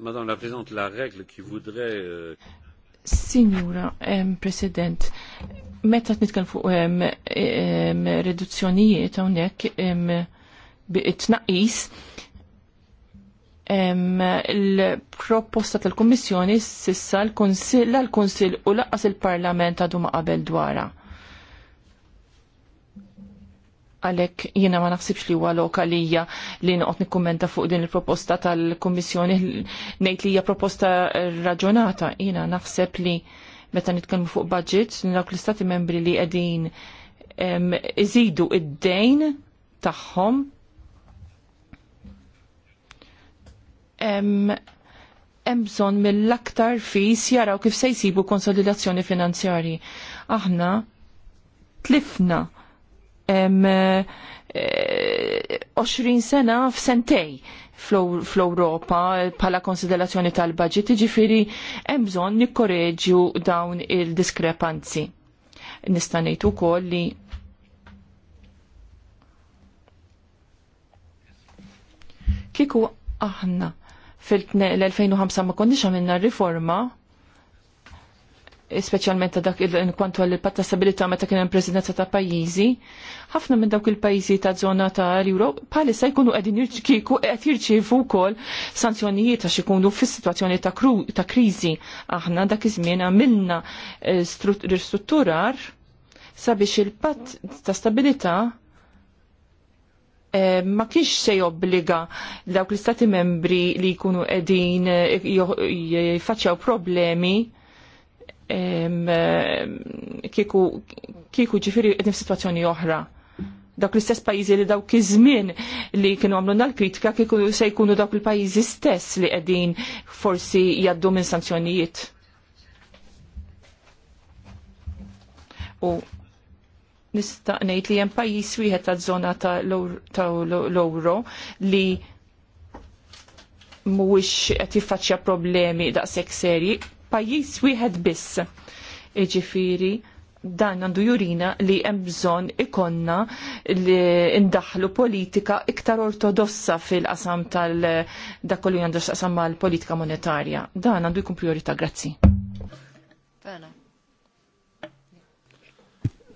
Madame la Présidente, la règle qui voudrait... Euh, Signora, eh, President, Meta t-nitkan fuq reduzzjonijiet għonek it-naqis, il-proposta tal-Kommissjoni sissa l-Konsil l-Konsil u laqas il-Parlament għadu ma qabel dwara. Għalek jiena ma naħsibx li huwa lokalija li noqgħod nikkummenta fuq din il-proposta tal-Kummissjoni ngħid li hija proposta raġunata, jiena naħseb li meta nitkellmu fuq budgets li dawk l-istati membri li qegħdin iżidu id-dejn tagħhom hemm bżonn mill-aktar fis jaraw kif se jsibu konsolidazzjoni finanzjarji. Aħna tlifna eh, 20 sena f'sentej fl-Europa bħala konsiderazzjoni tal-budget, ġifiri hemm bżonn nikkoreġju dawn il-diskrepanzi. Nista' ngħid ukoll li kiku aħna fil-2005 ma konniex għamilna riforma specialment ta' dak il-kwantu għall patta stabilita meta kien hemm presidenza ta' pajjiżi, ħafna minn dawk il-pajjiżi ta' żona ta' euro palissa jkunu qegħdin jirċkiku, qed jirċifu wkoll sanzjonijiet għax jkunu fis-sitwazzjoni ta' ta' kriżi. Aħna dak iż-żmien għamilna eh, ristrutturar sabiex il-patt ta' stabilita' eh, ma kienx se jobbliga dawk l-istati membri li jkunu qegħdin eh, jifacċaw problemi kieku kieku ġifiri qegħdin f'sitwazzjoni oħra. Dak l-istess pajjiżi li dawk iż-żmien li kienu għamlu l-kritika kieku se jkunu dawk il-pajjiżi stess li qegħdin forsi jgħaddu minn sanzjonijiet. U nista' ngħid li hemm pajjiż wieħed taż-żona ta' l-Ewro li mhuwiex qed jiffaċċja problemi daqshekk serji pajjiż wieħed biss. Iġifieri dan għandu jurina li hemm bżonn ikonna li ndaħlu politika iktar ortodossa fil-qasam tal dak li għandu x'qasam mal-politika monetarja. Dan għandu jkun priorità, grazzi.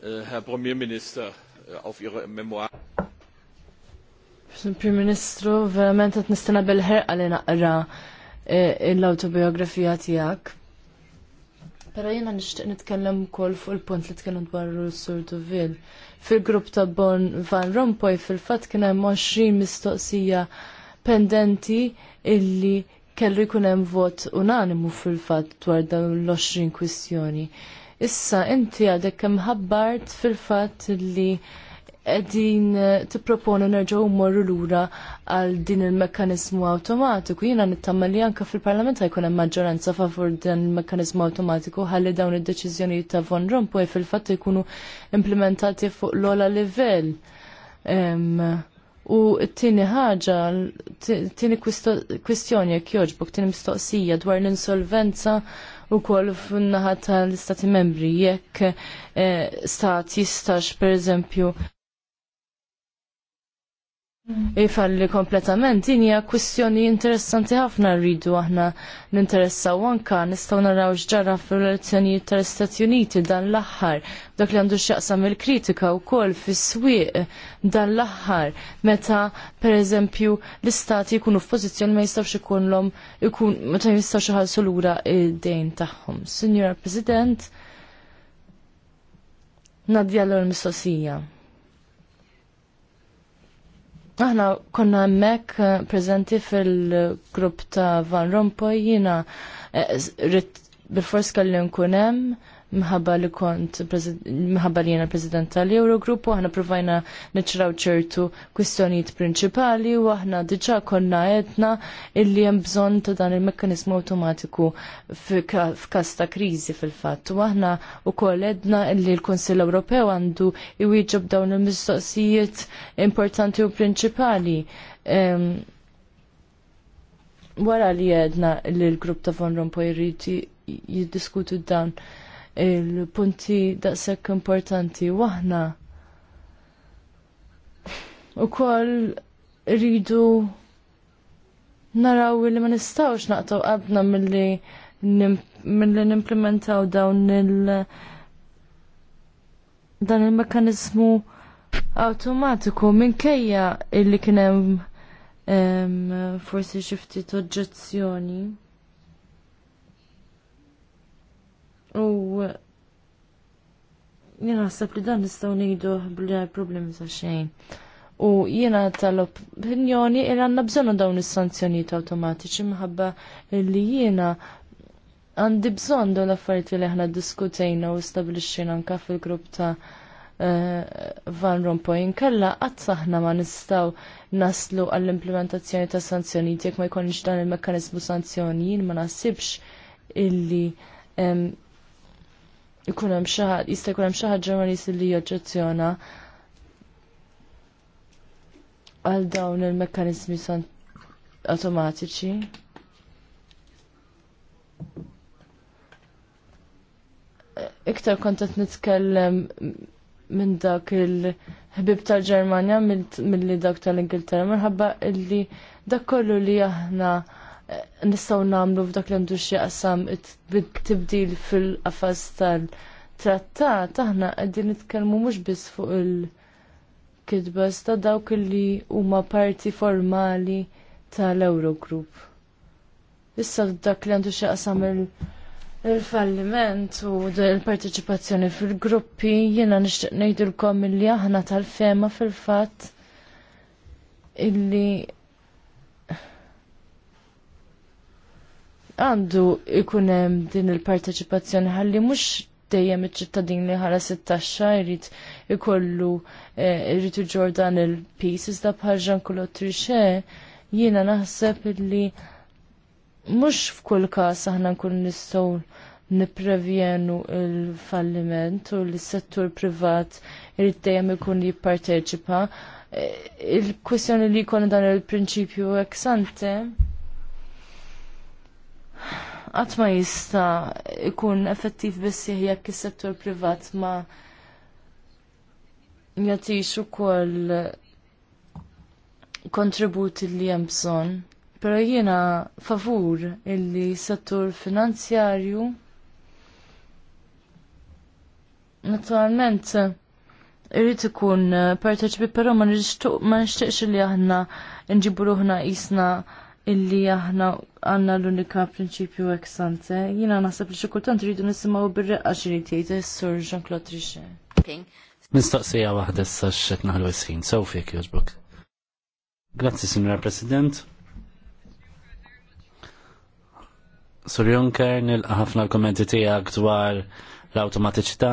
Äh, Herr Minister äh, auf Ihre Memoir. Prim Ministru, verament qed nistenna bil-ħerqa li naqra äh, l-autobiografija tiegħek. Pero jena nishtiq nitkellem kol fuq il-punt li tkellem dwar sur Duvil. Fil-grupp ta' Bon Van Rompuy fil-fat kien hemm 20 mistoqsija pendenti illi kellu jkun hemm vot unanimu fil-fatt dwar dawn l-20 kwistjoni. Issa inti għadek kemm ħabbart fil-fatt li edin eh, t-proponu nerġaw morru l-ura għal din il-mekkanizmu automatiku. Jina nittamma li anka fil-parlament għajkun hemm maġġoranza favur din il-mekkanizmu automatiku ħalli dawn id-deċiżjonijiet ta' Von Rompuy fil-fatt jkunu implementati fuq l-ola livell. U t-tini ħaġa, t-tini kwistjoni jek joġbuk, t-tini mistoqsija dwar l-insolvenza u kol f'naħa tal-istati membri jekk eh, stat jistax per eżempju Mm. Ifalli kompletament, din hija kwistjoni interessanti ħafna rridu aħna ninteressaw anka nistgħu naraw x'ġara fil-elezzjonijiet tal-Istati Uniti dan l-aħħar. Dak li għandu x'jaqsam il-kritika wkoll fis-swieq dan l-aħħar meta pereżempju l-istati jkunu f'pożizzjoni ma jistgħux ikunhom ikun meta jistgħux iħallsu lura id-dejn tagħhom. Sinjura President, Nadja l-mistoqsija. Aħna konna mek eh, prezenti fil-grupp ta' Van Rompuy jina eh, bil-fors kalli nkunem mħabba li kont mħabba li jena president tal-Eurogrupp u aħna provajna neċraw ċertu kwistjonijiet prinċipali u aħna diġa konna etna illi hemm bżonn ta' dan il-mekkanizmu automatiku f'każ ta' kriżi fil-fatt. U u koll edna illi l konsil Ewropew għandu iwieġob dawn il-mistoqsijiet importanti u prinċipali. Wara li għedna li l-grupp ta' Von Rompuy jridu jiddiskutu dan il-punti daqshekk importanti waħna u koll rridu naraw li ma nistawx naqtaw qabna mill-li mill nimplementaw dawn il- dan il-mekanizmu automatiku minkejja illi kienem forsi xifti oġġezzjoni. U jena għasab li dan nistgħu ngħidu bla problemi ta' xejn. U jiena tal-opinjoni il għanna bżonu dawn is-sanzjonijiet automatiċi minħabba li jiena għandi bżon dawn l-affarijiet li aħna diskutejna u stabilixxina anka fil-grupp ta' eh, Van Rompuy inkella qatt aħna ma nistgħu naslu għall-implementazzjoni ta' sanzjonijiet jekk ma jkunx dan il-mekkaniżmu sanzjoni jien ma nasibx illi ikun hemm xi ħadd jista' jkun hemm xi ħadd li joġġezzjona għal dawn il-mekkaniżmi automatiċi. Iktar kontet nitkellem minn dak il-ħbib tal-Ġermanja mill-li dak tal-Ingilterra, minħabba illi dak kollu li aħna nistgħu nagħmlu f'dak li għandu xi qasam tibdil fil-qafas tal-trattat aħna qegħdin nitkellmu mhux biss fuq il-kidba sta dawk li huma parti formali tal-Eurogroup. Issa dak li għandu xi qasam il- Il-falliment u il-parteċipazzjoni fil-gruppi jiena nixtieq ngħidilkom illi aħna tal-fema fil-fatt illi għandu ikunem hemm din il-parteċipazzjoni ħalli mhux dejjem iċ-ċittadin li ħala 16 jrid ikollu eh, jrid ġordan il-peace iżda bħal Jean Claude jiena naħseb li mhux f'kull każ aħna nkun nistgħu nipprevjenu il-falliment u l-settur privat jrid dejjem ikun jipparteċipa. Eh, Il-kwistjoni li jkun dan il-prinċipju ex ante Qatt ma jista jkun effettiv biss jekk is-settur privat ma jagħtix ukoll kontributi li hemm bżonn. Però jiena favur illi settur finanzjarju naturalment irrit ikun parteċipi però ma nixtieqx li aħna nġibu ruħna illi aħna għanna l-unika prinċipju eksante, jina naħseb li xikultant rridu nisimaw bil-reqqa xirit s-sur Jean-Claude Trichet. Mistaqsija waħda s xet naħlu jisħin, sew fik jużbuk. Grazzi, Signora President. Sur Juncker nilqa ħafna l-kommenti tiegħek dwar l-awtomatiċità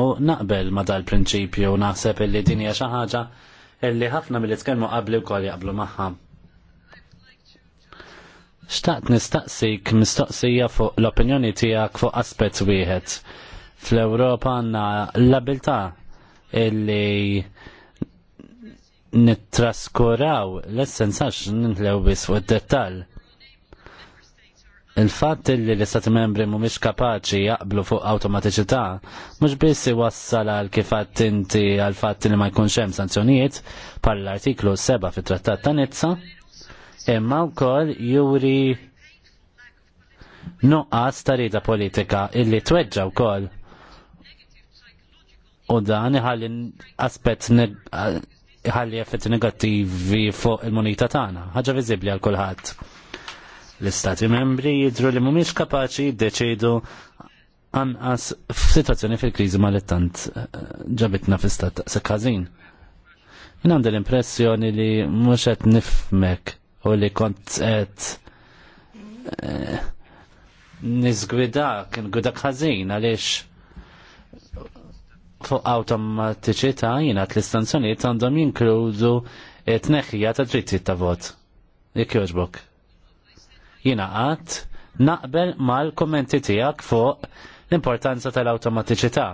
u naqbel ma dal-prinċipju naħseb illi dinja xi ħaġa illi ħafna mill-itkellmu qabli wkoll jaqblu magħha Xtaqt nistaqsik mistoqsija fuq l-opinjoni tiegħek fuq aspett wieħed. Fl-Ewropa għandna l-abilità illi nittraskuraw l essenzax nintlew bis fuq id-dettall. Il-fatt li l-istati membri mhumiex kapaċi jaqblu fuq awtomatiċità mhux biss iwassal għal kif kifat inti għal fatt li ma jkunx hemm sanzjonijiet bħal l-artiklu 7 fit-Trattat ta' Nizza, imma wkoll juri nuqqas tarita politika illi tweġġa wkoll. U dan iħalli aspett iħalli effetti negattivi fuq il-munita tagħna, ħaġa viżibbli għal kulħadd. L-istati membri jidru li mhumiex kapaċi jiddeċidu anqas f'sitwazzjoni fil-kriżi ma li tant eh, ġabitna fi stat sekkażin. Min għandi l-impressjoni li mhux qed nifmek u li kont qed eh, kien ngwidak ħażin għaliex fuq awtomatiċità jiena t istanzjonijiet għandhom jinkludu t-neħħija ta' drittijiet ta' vot. Jekk jogħġbok. Jina qatt naqbel mal-kommenti tiegħek fuq l-importanza tal-awtomatiċità.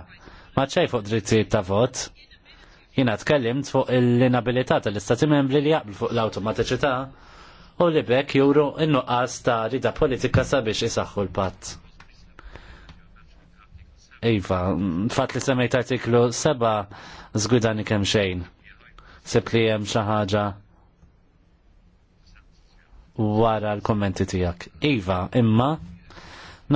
Ma ċej fuq drittijiet ta' vot, jina tkellimt fuq l-inabilità tal-istati membri li jaqbel fuq l-automatiċità u li bekk juru innuqqas ta' rida politika sabiex isaħħu l-patt. Iva, fatt li semmejt artiklu 7 zgudani kemm xejn. Sepp li hemm xi ħaġa wara l-kommenti tiegħek. Iva, imma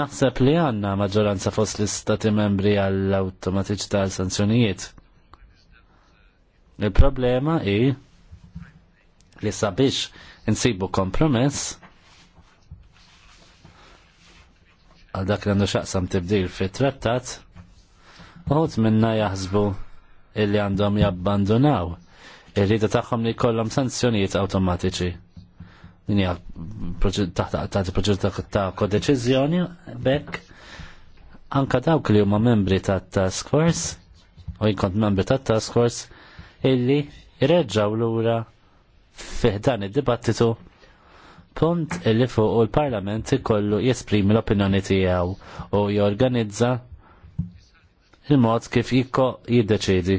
naħseb li għanna maġġoranza fost l-istati membri għall-automatiċ tal-sanzjonijiet. Il-problema i li sabiex insibu kompromess għal dak li għandu xaqsam tibdil fit trattat uħut minna jaħsbu illi għandhom jabbandunaw irrida tagħhom li jkollhom sanzjonijiet awtomatiċi. minni għal taħt proġetta ta' kodeċiżjoni bekk anka dawk li huma membri ta' task force u jkont membri ta' task force illi irreġġaw lura fih dan id-dibattitu punt li fuq il-Parlament ikollu jesprimi l-opinjoni tiegħu u jorganizza il-mod kif jikko jiddeċidi.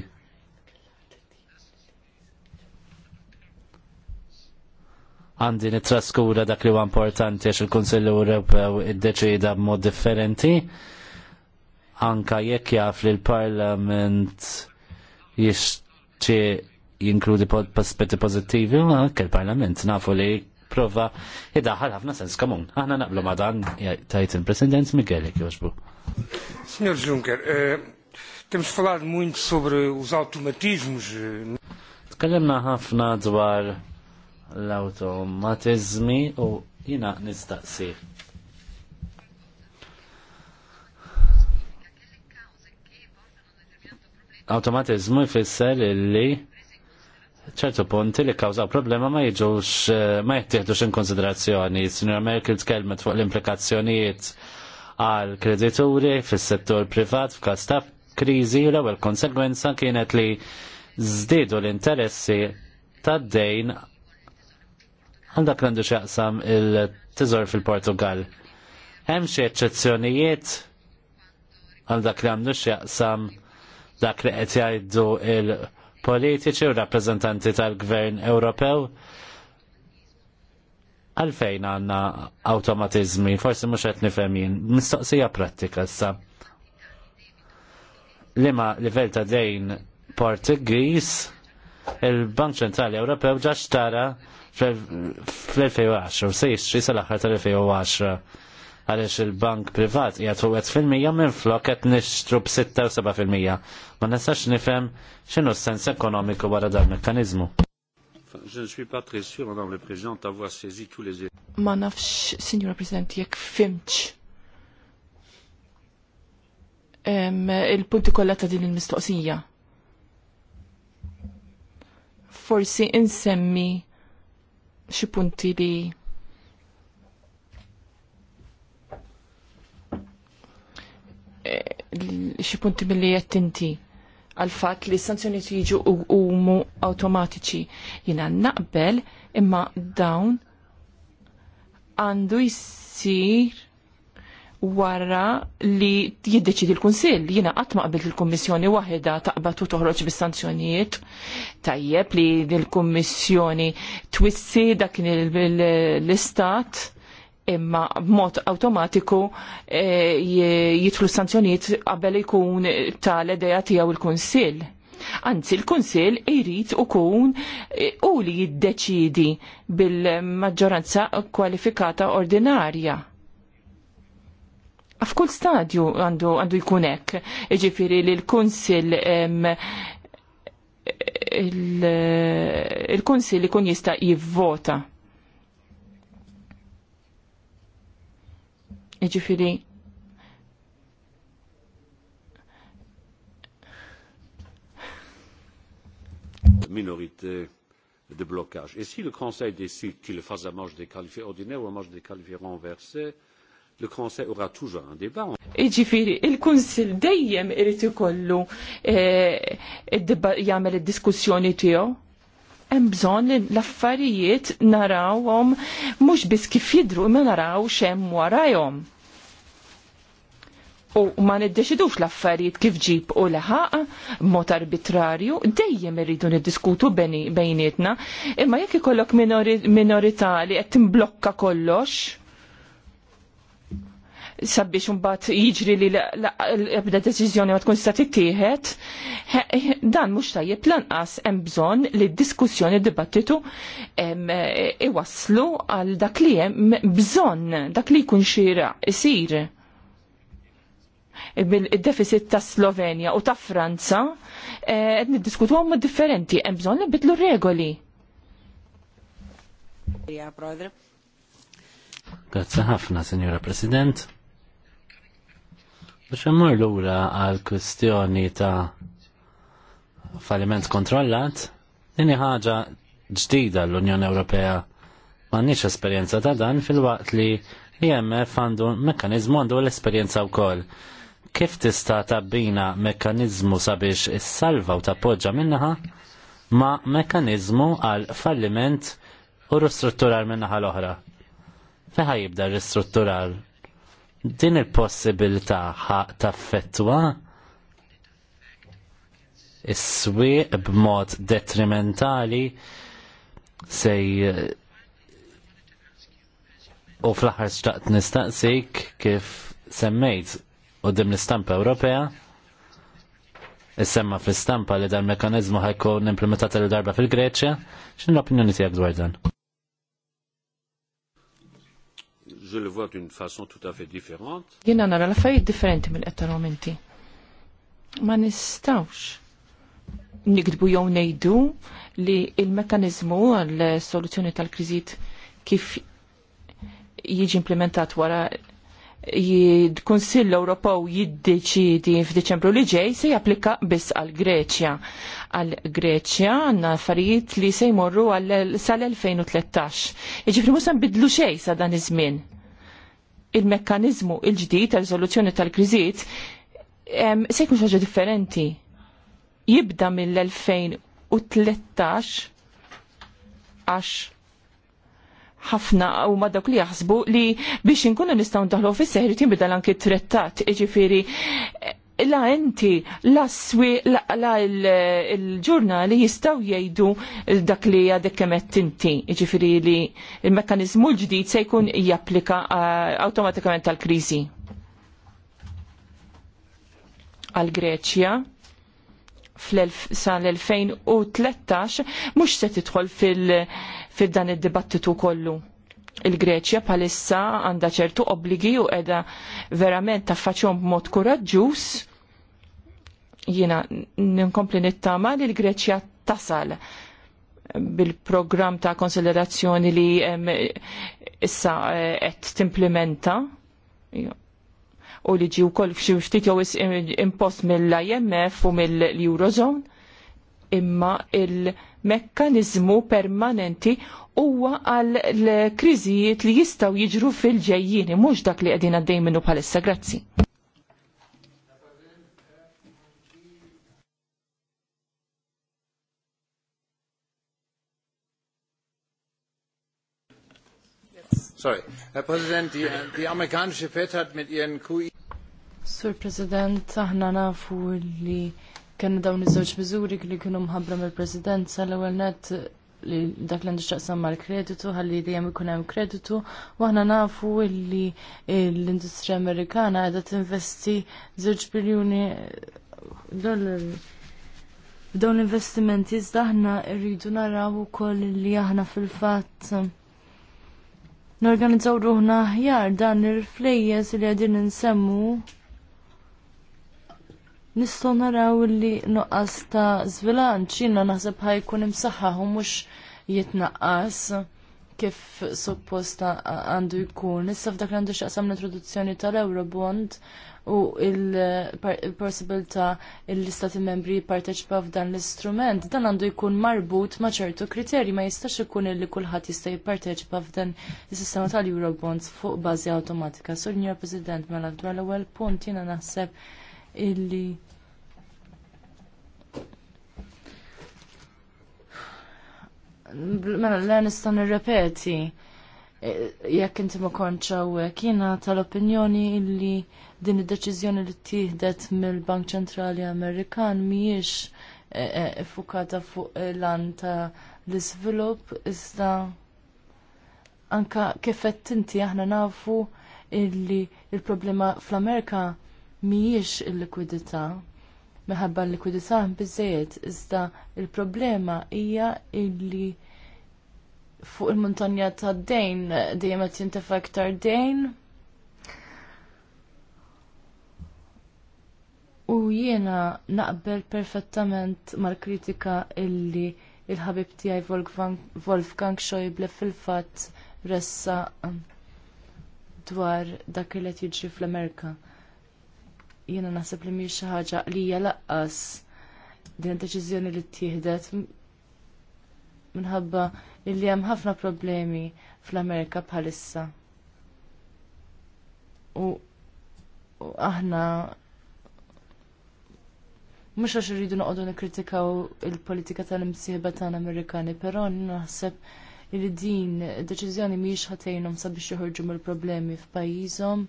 Għandi nitraskura dak li huwa importanti għax il konsill Ewropew iddeċida b'mod differenti anka jekk jaf li l-Parlament jixtieq jinkludi aspetti pozittivi u anke l-Parlament nafu li prova id-daħal ħafna sens komun. Aħna naqblu ma dan tajt il-President Miguel jogħġbu. Signor Juncker, eh, temx falar munt sobre uż automatizmus. Eh, Tkellimna ħafna dwar l-automatizmi u jina nistaqsi. Automatizmu jfisser illi ċertu punti li kawżaw problema ma jiġux eh, ma jittieħdux in konsiderazzjoni. Sinjor Merkel tkellmet fuq l-implikazzjonijiet għal kredituri fis-settur privat f'każ ta' kriżi u l-ewwel konsegwenza kienet li żdiedu l-interessi tad-dejn għal dak għandu xaqsam il-teżor fil-Portugal. Hemm xi eċċezzjonijiet għal dak li għandu xaqsam dak li qed jgħidu il- politiċi u rappreżentanti tal-Gvern Ewropew għalfejn għanna automatizmi, forsi mux għetni femmin, mistoqsija pratika sa. Lima livell ta' dejn Portugis, il-Bank Ċentrali Ewropew ġa xtara fl-2010, se jixtri sal-axar tal-2010 għaliex il-bank privat jgħat u fil-mija minn flok għet nixtru b-6-7%. u fil-mija. Ma nistax nifem xinu s-sens ekonomiku għara dal mekkaniżmu. Je ne suis pas très sûr, Madame le Président, d'avoir saisi tous les éléments. Ma nafx, Signora President, jek fimċ. Il-punti kollata din il-mistoqsija. Forsi insemmi xi punti li xi punti milli jettinti inti għal fat li s-sanzjoniet jiġu umu automatiċi. Jina naqbel imma dawn għandu jissir wara li jiddeċidi l-Kunsill. Jina qatt ma qbilt il-Kummissjoni waħda taqbad u toħroġ bis-sanzjonijiet. Tajjeb li l-Kummissjoni twissi dak l-istat imma b'mod awtomatiku e, jitlu sanzjoniet qabel ikun tal-edeja tiegħu il-Kunsill. Anzi, il-Kunsill jrid ukun e, u li jiddeċidi bil-maġġoranza kwalifikata ordinarja. F'kull stadju għandu għandu jkun hekk, jiġifieri li l-Kunsill il-Kunsill ikun jista' jivvota Iġifiri, minorité de blocage. Et si le Conseil décide qu'il fasse un match de qualifiés ordinaire ou un match des qualifiés renversé, le Conseil aura toujours un débat. Iġifiri, il-Kunsil dejjem irrit ikollu eh, jagħmel id-diskussjoni tiegħu hemm bżonn l-affarijiet narawhom mhux biss kif jidru imma naraw x'hemm warajhom. U ma niddeċidux l-affarijiet kif ġib u leħaq mod arbitrarju, dejjem irridu niddiskutu bejnietna, imma jekk ikollok minorità li qed timblokka kollox, sabiex unbat jiġri li l-ebda deċiżjoni ma tkun sta tittieħed, dan mhux tajjeb lanqas hemm bżonn li d-diskussjoni d-dibattitu e- iwasslu għal dak li hemm bżonn dak li jkun xira isir e il-deficit ta' Slovenja u ta' Franza e, qed niddiskutu għom differenti, hemm bżonn li bidlu regoli. Grazie ħafna, Signora President. Biex immur lura għal kwistjoni ta' falliment kontrollat, dini ħaġa ġdida l-Unjoni Ewropea. M'għandniex esperjenza ta' dan fil-waqt li IMF għandu mekanizmu għandu l-esperjenza wkoll. Kif tista' tabbina mekanizmu sabiex s salva u tappoġġa minnaħa ma' mekanizmu għal falliment u ristrutturar minnaħa l-oħra? Feħa jibda ristrutturar din il-possibilità taffettwa is-swieq b'mod detrimentali sej u fl-aħħar xtaqt nistaqsik kif semmejt u dim l-istampa Ewropea is-semma fl-istampa li dan mekanizmu ħajkun implementat l darba fil-Greċja, xin l-opinjoni tijak dwar dan? je le vois d'une façon tout à fait différente. Jena nara l-affarijiet differenti mill-qed inti. Ma nistawx nikdbu jew ngħidu li l mekkaniżmu għall soluzzjoni tal-kriżijiet kif jiġi implementat wara jid-Konsill Ewropew jiddeċidi f'Diċembru li ġej se japplika biss għal Greċja. Għal Greċja għandna affarijiet li se jmorru sal-2013. Jiġifieri mhux bidlu xejn sa dan iż-żmien il-mekkanizmu il-ġdid ta' riżoluzzjoni tal-kriżiet se jkun xaġa differenti. Jibda mill-2013 għax ħafna u ma dawk li jaħsbu li biex inkunu nistgħu ndaħlu fis-seħri tinbidel anki trettat, jiġifieri la enti, la swi, la il-ġurnali jistaw jgħidu dak li għadek kemet inti. Ġifiri li il mekanizmu l-ġdid se jkun japplika automatikament tal-krizi. Għal-Greċja fl-sa l 2013 mux se titħol fil-dan id-dibattitu kollu. Il-Greċja palissa għanda ċertu obbligi u edha verament taffaċjon b'mod koraġġuż Jiena ninkompli nittama li l-Greċja tasal bil-programm ta' konsiderazzjoni li issa eh, qed timplementa u li ġi wkoll f'xi ftit jew eh, impost mill-IMF u mill-Eurozone imma il-mekkanizmu permanenti huwa għal kriżijiet li jistgħu jiġru fil-ġejjini mhux dak li qegħdin għaddej minnu bħalissa. Grazzi. Sorry. Herr Präsident, die, die amerikanische FED hat mit ihren QE. Sur President, aħna nafu li kena dawn iż-żewġ miżuri li kienu mħabbra mill-President sal-ewwel net li dak l-għandu xaqsam mal kreditu ħalli dejjem ikun hemm kreditu, u aħna nafu li l-industrija Amerikana qiegħda tinvesti żewġ biljuni dollar f'dawn l-investimenti iżda aħna rridu naraw ukoll li aħna fil-fatt norganizzaw ruħna ħjar dan il-flejjes li għadin nsemmu nistgħu naraw li nuqqas ta' żvilanċ jiena naħseb ħajkun imsaħħaħ u mhux jitnaqqas kif supposta għandu jkun. Issa f'dak għandu xaqsam l-introduzzjoni tal-Eurobond, u il-possibilità l-istati membri jipparteċipa f'dan l-istrument, dan għandu jkun marbut ma' ċertu kriterji ma jistax ikun li kulħadd jista' jipparteċipa f'dan is-sistema tal-Eurobonds fuq bażi awtomatika. Sur Njur President, mela dwar l-ewwel punt jiena naħseb illi mela l-għanista nirrepeti jekk inti ma konċa u jiena tal-opinjoni illi din id-deċiżjoni li tieħdet mill-Bank Ċentrali Amerikan mhijiex eh, eh, fukata fuq lan ta' l-iżvilupp iżda anka kif qed inti aħna nafu illi il-problema fl-Amerika mhijiex il-likwidità meħabba l-likwidità biżejjed iżda il problema hija illi fuq il-montanja tad dejn dejjem qed jintefa' iktar dejn U jiena naqbel perfettament mal-kritika illi il-ħabib tiegħi Wolfgang Schäuble fil-fatt ressa um, dwar dak li qed jiġri fl-Amerika. Jiena naħseb li mhix xi ħaġa li hija laqqas din id-deċiżjoni li ttieħdet minħabba illi hemm ħafna problemi fl-Amerika bħalissa. u aħna Mhux għax irridu noqogħdu nikkritikaw il-politika tal-imsieħba tal Amerikani, però naħseb li din deċiżjoni mhijiex ħatejnhom sabiex joħorġu mill-problemi f'pajjiżhom.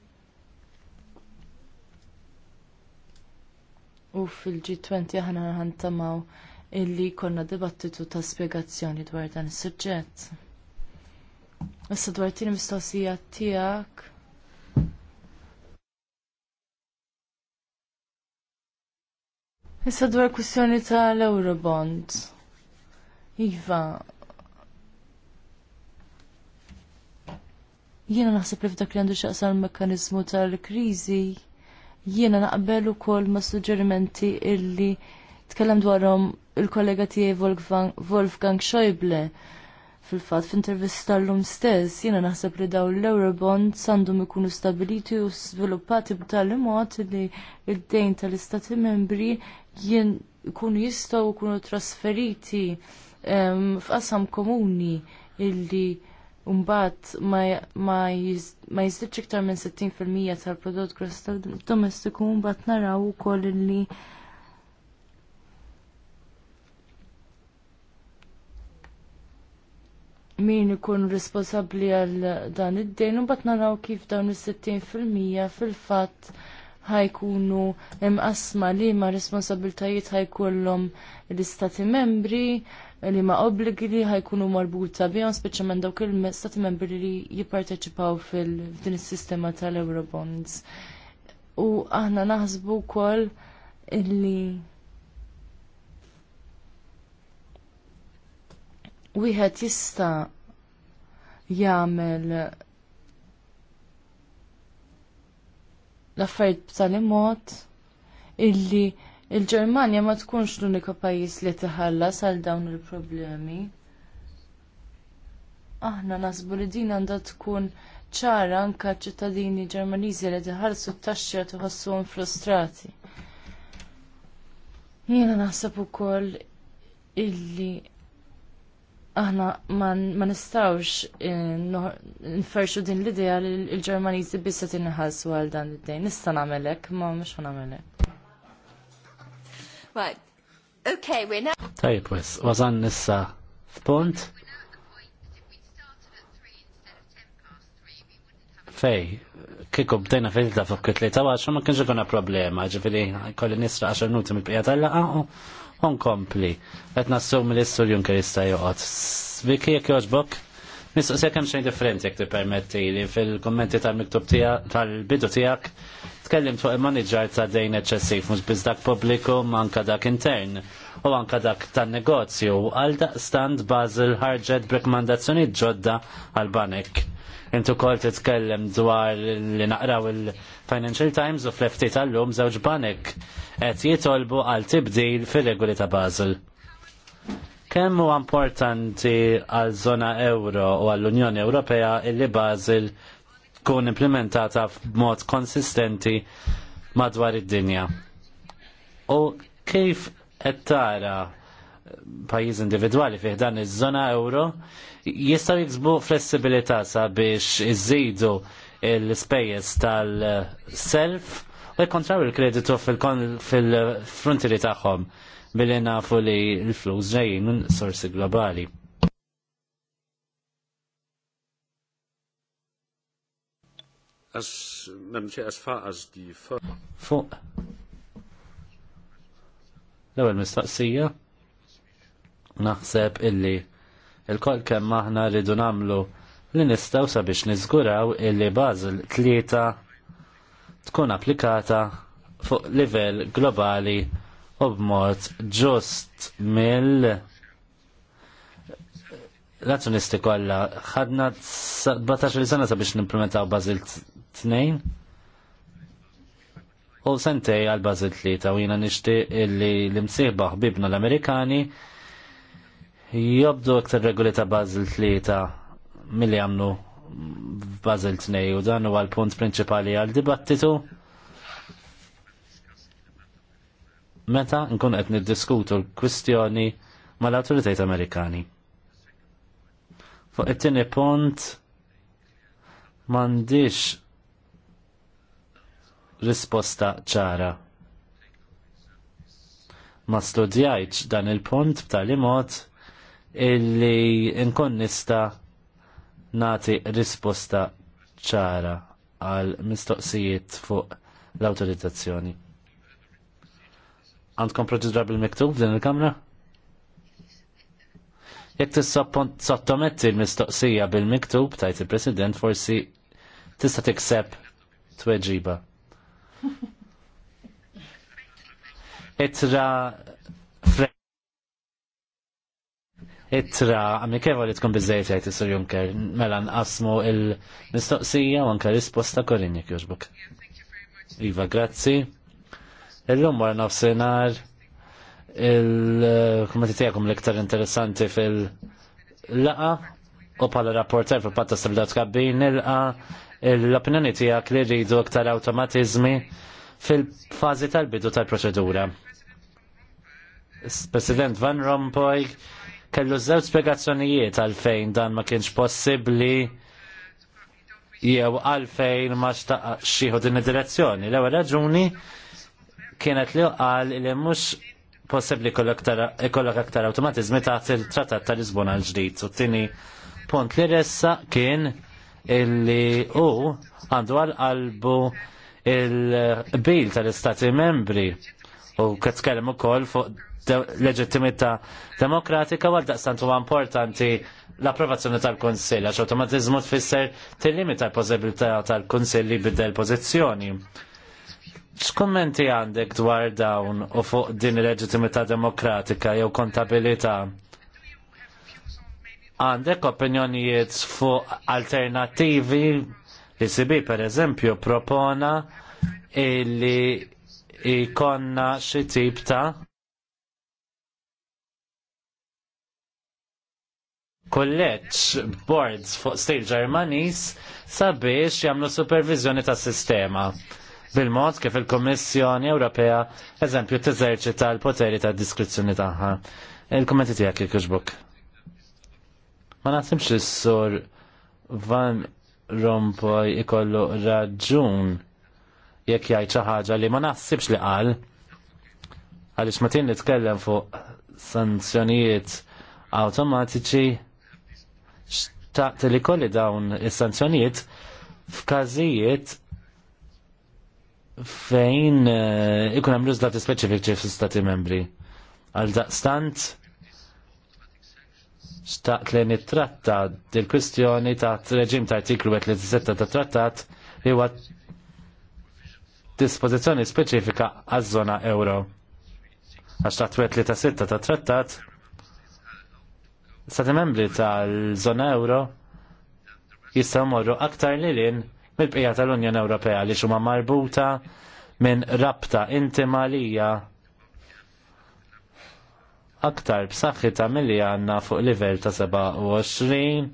U fil-G20 aħna ħantamaw illi konna dibattitu ta' spjegazzjoni dwar dan is-suġġett. Issa dwar tieni mistoqsija tiegħek Issa dwar kwistjoni tal-Eurobond. Iva. Jiena naħseb li f'dak li għandu xaqsam mekkanizmu tal-kriżi, jiena naqbel ukoll ma' suġġerimenti illi tkellem dwarhom il-kollega tiegħi Wolfgang Schäuble fil-fatt f'intervista l-lum stess, jiena naħseb li dawn l-Eurobond għandhom ikunu stabiliti u sviluppati b'tali mod li id-dejn tal-istati membri jien kunu jistgħu jkunu trasferiti f'qasam komuni illi Umbat ma, ma, iktar minn 60% tal-prodott gross domestiku mbagħad naraw ukoll illi min ikun responsabbli għal dan id-dejn umbat naraw kif dawn is-60% fil-fatt ħajkunu imqasma li ma responsabiltajiet ħajkollhom l-istati membri li ma obbligi li ħajkunu marbuta bihom speċjalment dawk il-stati membri li jipparteċipaw fil-din is-sistema tal-Eurobonds. U aħna naħsbu wkoll illi wieħed jista' jagħmel l-affarijiet b'tali mod illi il-Ġermanja ma tkunx l-unika pajjiż li tiħallas għal dawn il-problemi. Aħna nasbu li din għandha tkun ċara anke ċittadini Ġermaniżi li tħallsu t-taxxi tħossuhom frustrati. Jiena naħseb ukoll illi aħna ma nistawx eh, nferxu din l-idea li l-Ġermaniżi biss qed inħallsu għal dan id-dejn. Nista' nagħmel ma mhux ħanagħmel hekk. Right. Okay, we're now. Tajib wis, wasan nissa f'punt. Fej, kiku bdejna fil-da fuq kitli ta' ma kienġi għuna problema, ġifiri, kolli nisra għaxa minuti mill-bqija tal-laqa unkompli. Qed nassum li s-sur Junker jista' joqgħod. Viki jekk jogħġbok, mistoqsija hemm xejn differenti jekk tippermetti li fil-kummenti tal-miktub tiegħek tal-bidu tiegħek tkellim fuq il-manager ta' dejn eċċessiv mhux biss dak pubbliku manka dak intern u anka dak tan-negozju għal daqstant Basel ħarġet brekmandazzjoni ġodda għal banek Intu kol titkellem dwar li naqraw il-Financial Times u fl-FT tal-lum zawġ banek qed jitolbu għal tibdil fil-regoli ta' Basel. Kemm huwa importanti għal zona euro u għall unjoni Ewropea illi Basel tkun implementata b'mod konsistenti madwar id-dinja. U kif qed tara pajjiż individwali fih dan iż-żona euro jistaw jiksbu flessibilità sabiex iżidu l-spejjeż tal-self u jkontraw il-kreditu fil frontiri tagħhom billi nafu li l-flus ġejjin minn sorsi globali. as memċi as faq as di fuq. L-ewwel mistoqsija naħseb illi il-koll kem maħna rridu namlu li nistaw sabiex nizguraw illi Basel tlieta tkun applikata fuq livell globali u b'mod ġust mill l-azzjonisti kollha ħadna 17 sena sabiex nimplementaw Basil 2 u sentej għal Basil 3 u jiena nixtieq illi l-imsieħba ħbibna l-Amerikani jobdu iktar regoli ta' Basil tlieta milli għamlu Basil tnej u dan huwa l-punt prinċipali għal dibattitu. Meta nkun qed niddiskutu l-kwistjoni mal-Awtoritajiet Amerikani. Fuq it-tieni punt m'għandix risposta ċara. Ma studjajċ dan il-punt b'tali mod illi nkun nista nati risposta ċara għal mistoqsijiet fuq l-autorizzazzjoni. Għandkom proċedura bil-miktub din il-kamra? Jekk sottometti l-mistoqsija bil-miktub tajt il-President forsi tista' tikseb tweġiba. Itra [laughs] ittra amikevoli tkun bizzejt għajt Sir Junker, mela nqasmu il-mistoqsija u anka risposta korinja kjurbuk. Iva, grazzi. Il-lum għar nofsinhar il-kumati tijakum l-iktar interessanti fil-laqa u bħala rapporter fil-patta stabdat kabbin il-laqa l-opinjoni tiegħek li rridu iktar automatizmi fil-fazi tal-bidu tal-proċedura. President Van Rompuy kellu żewġ spjegazzjonijiet għalfejn dan ma kienx possibbli jew għalfejn ma xtaqax jieħu din id-direzzjoni. L-ewwel raġuni kienet li qal li mhux possibbli kollok aktar awtomatiżmi taħt il-Trattat ta' Lisbona l-ġdid. U t-tieni punt li ressa kien illi u għandu għal-qalbu il-bil tal-istati membri u katkellem ukoll fuq leġittimità demokratika għal daqstant huwa importanti l-approvazzjoni tal-Kunsill għax automatizmu tfisser tillimita l-possibilità tal-Kunsill li bidel pożizzjoni. X'kummenti għandek dwar dawn u fuq din il-leġittimità demokratika jew kontabilità? Għandek opinjonijiet fuq alternativi li sibi per eżempju propona illi ikonna xi tip ta' kolleġġ boards fuq stil Ġermanis sabiex jagħmlu supervizjoni tas sistema bil-mod kif il-Kommissjoni Ewropea eżempju teżerċita l-poteri ta' diskrizzjoni tagħha. il kummenti tiegħek jekk Ma naħsimx is-sur Van Rompuy ikollu raġun jekk jgħid xi ħaġa li ma naħsibx li qal għaliex ma tin nitkellem fuq sanzjonijiet awtomatiċi xtaqt li kolli dawn is-sanzjonijiet f'każijiet fejn eh, ikun hemm riżultati speċifiċi fl-Stati membri. Għal daqstant xtaqt li nittratta dil-kwistjoni ta' reġim ta' artiklu 37 ta' trattat li huwa dispożizzjoni speċifika għaż-żona euro. Għax ta' 36 ta' trattat stati membri tal-zona euro jistaw morru aktar li lin mill-bqija tal-Unjoni Ewropea li xuma marbuta minn rabta intimalija aktar ta' milli għandna fuq livell ta' 27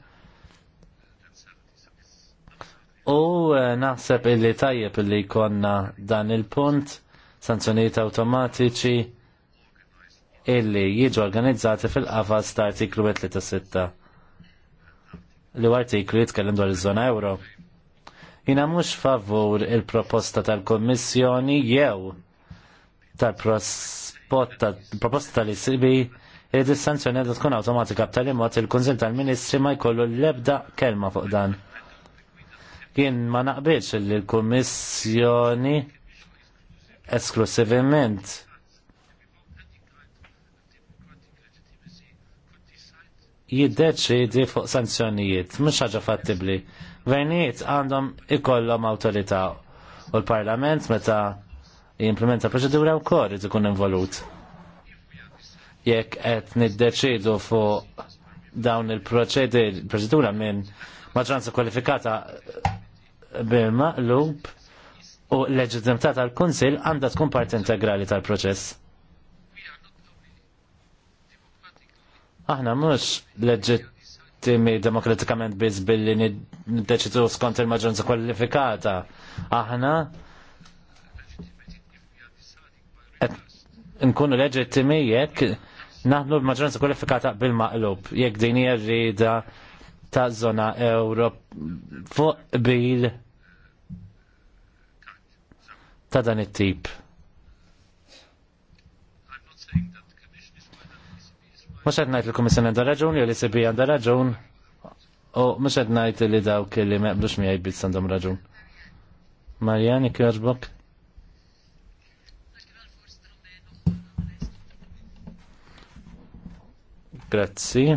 u eh, naħseb illi tajjeb illi jkollna dan il-punt sanzjonijiet automatiċi illi jiġu organizzati fil-qafas ta' artiklu 36 li artiklu jitkellem dwar iż-żona euro. Jina mhux favur il-proposta tal-Kommissjoni jew tal-proposta tal-ICB li dis-sanzjoni tkun awtomatika b'tali mod il-Kunsil tal-Ministri ma jkollu l-ebda kelma fuq dan. Jien ma naqbilx li l-Kummissjoni esklusivament jiddeċidi fuq sanzjonijiet, mhux ħaġa fattibbli. Gvernijiet għandhom ikollhom awtorità u l-Parlament meta jimplementa proċedura wkoll irid ikun involut. Jekk qed niddeċidu fuq dawn il-proċedura minn maġranza kwalifikata bil-maqlub u l-leġitimità tal-Kunsil għandha tkun parti integrali tal-proċess. Aħna mhux leġittimi demokratikament biss billi niddeċidu skont il-maġġoranza kwalifikata. Aħna nkunu leġittimi jekk naħdmu b'maġġoranza kwalifikata bil-maqlub, jekk din hija rrida ta' zona euro fuq bil ta' dan it-tip. Mux għed najt il-Komissjoni għandha raġun, jew li sibi għandha raġun, u mux għed najt li dawk li jqblux mi għajbit sandom raġun. Marjani, kjoġbok? Grazzi.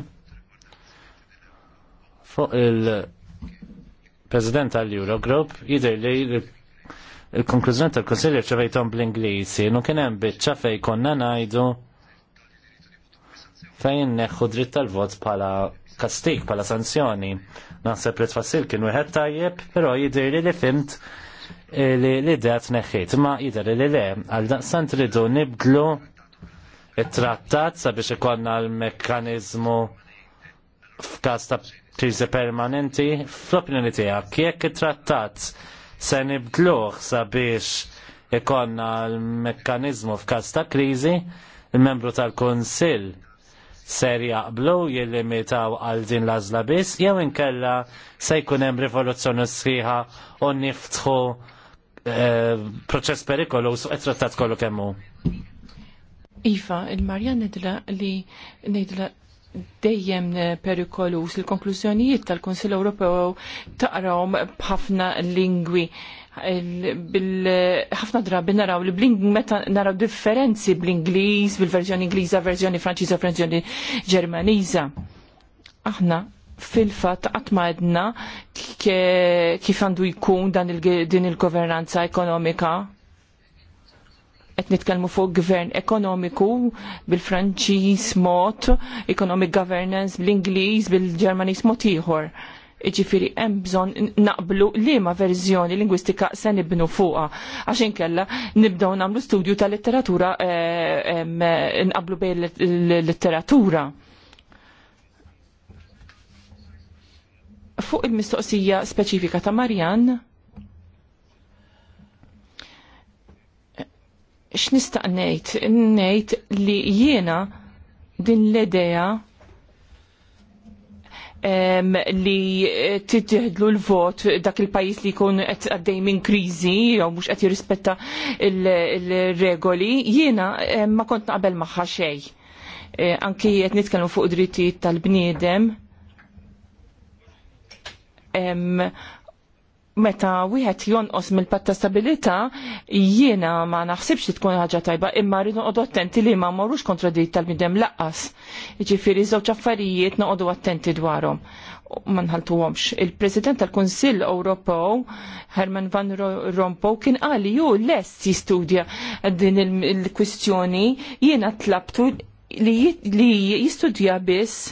Fuq il-President tal-Eurogroup, jider li il-konklużjoni tal-Konsilju ċavejtom bl-Inglisi, nu kien hemm biċċa fej konna ngħidu fejn neħħu dritt tal-vot bħala kastik, bħala sanzjoni. Naħseb li tfassil kien wieħed tajjeb, però jidhirli li fimt eh, li l-idea tneħħit. Ma jidher li le, għal daqsan tridu nibdlu it-trattat sabiex ikonna l-mekkanizmu f'każ ta' kriżi permanenti fl-opinjoni tiegħek jekk it-trattat se nibdluh sabiex ikonna l-mekkanizmu f'każ ta' kriżi il-membru tal-Kunsill ser jaqblu jillimitaw għal din l biss, jew inkella se jkun hemm rivoluzzjoni sħiħa u niftħu eh, proċess perikolu u trattat kollu kemmu. Iva, il-Marja nidla li nidla dejjem perikolu il-konklużjonijiet tal-Konsil Ewropew taqrawhom b'ħafna lingwi ħafna drabi naraw li bling meta naraw differenzi bl-Ingliż, bil-verżjoni Ingliża, verżjoni Franċiża, verżjoni Ġermaniża. Aħna fil-fatt qatt ma għedna kif għandu jkun dan din il-governanza ekonomika qed nitkellmu fuq gvern ekonomiku bil-Franċiż mod, economic governance bl-Ingliż, bil-Ġermaniż mod ieħor Ġifiri, hemm bżonn naqblu liema verżjoni lingwistika se nibnu fuqha. Għax inkella nibdew nagħmlu studju ta' letteratura eh, nqablu bejn l-letteratura. Fuq il-mistoqsija speċifika ta' Marjan, x'nista' ngħid? Ngħid li jiena din l-idea li eh, titieħdlu l-vot dak il-pajis li jkun qed għaddej minn kriżi jew mhux qed jirrispetta il-regoli, jiena ma kont naqbel magħha xejn. Eh, anki qed nitkellmu fuq drittijiet tal-bniedem meta wieħed jonqos mill-patta stabilità, jiena ma naħsibx li tkun ħaġa tajba, imma rridu noqogħdu attenti li ma morrux kontra dik tal-bidem laqqas. Jiġifieri żewġ affarijiet noqogħdu attenti dwarhom. Ma nħaltuhomx. Il-President tal-Kunsill Ewropew, Herman Van Rompuy, kien qal ju lest jistudja din il-kwistjoni jiena tlabtu li jistudja biss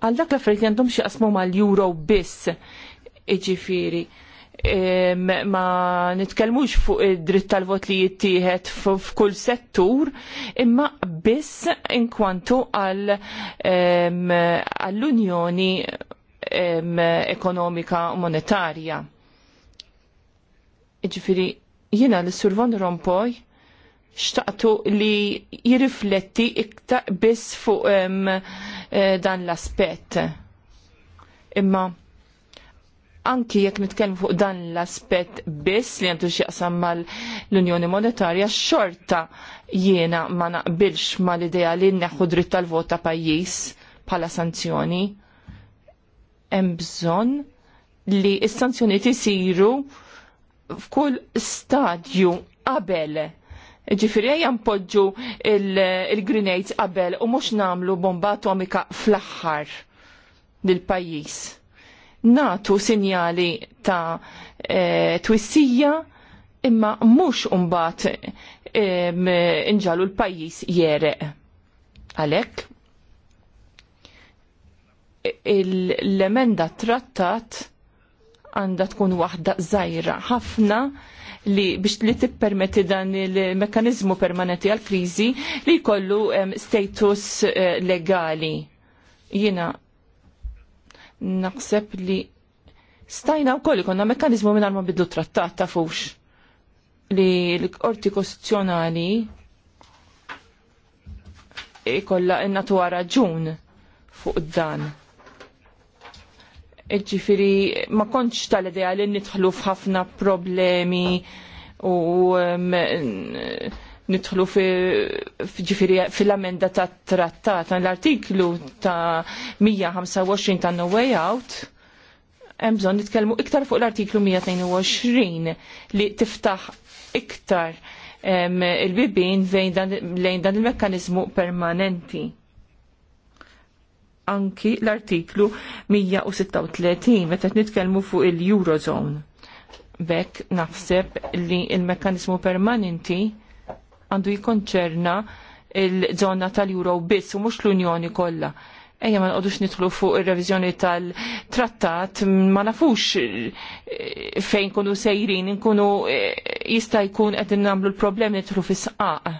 għal dak l-affarijiet li għandhom xi qasmu mal-Euro biss Iġifiri, ma nitkelmux fuq id-dritt tal-vot li jittieħed f'kull settur, imma biss inkwantu għall-Unjoni ekonomika u monetarja. Iġifiri, jina l-Sur Von Rompoy xtaqtu li jirrifletti iktar biss fuq eh, dan l-aspett. Imma anki jekk nitkellmu fuq dan l-aspett biss li għandu xieqsam mal-Unjoni Monetarja, xorta jiena ma naqbilx mal idea li neħu dritt tal-vot ta' pajjiż bħala sanzjoni. Hemm bżonn li s-sanzjoni tisiru f'kull stadju qabel ġifiri għajan podġu il-grenades il qabel u mux namlu bomba atomika fl-axħar lil pajjiż natu sinjali ta' e, twissija imma mhux umbat e, inġalu l-pajjiż jereq. Għalhekk l-emenda trattat għandha tkun waħda żgħira ħafna li biex li tippermetti dan il-mekanizmu permanenti għal kriżi li jkollu status e, legali. Jina Naħseb li stajna u koll ikonna mekkanizmu minn ma bidlu trattat ta' fux li l-qorti kostituzzjonali ikolla innatu raġun fuq dan. Iġifiri, ma konċ tal-idea li nidħlu f'ħafna problemi u um, nidħlu fil-amenda ta' trattat. L-artiklu ta' 125 ta' No Way Out hemm bżonn nitkellmu iktar fuq l-artiklu 122 li tiftaħ iktar il-bibin lejn dan il-mekkanizmu permanenti. Anki l-artiklu 136 meta nitkellmu fuq il-Eurozone. Bek naħseb li il-mekkanizmu permanenti għandu jikonċerna il-żona tal-Euro biss u mhux l-Unjoni kollha. Ejja ma nqogħdux nidħlu fuq ir-reviżjoni tal-trattat ma nafux eh, fejn kunu sejrin, nkunu eh, jista' jkun qed nagħmlu l-problemi nitlu fis-sqaq.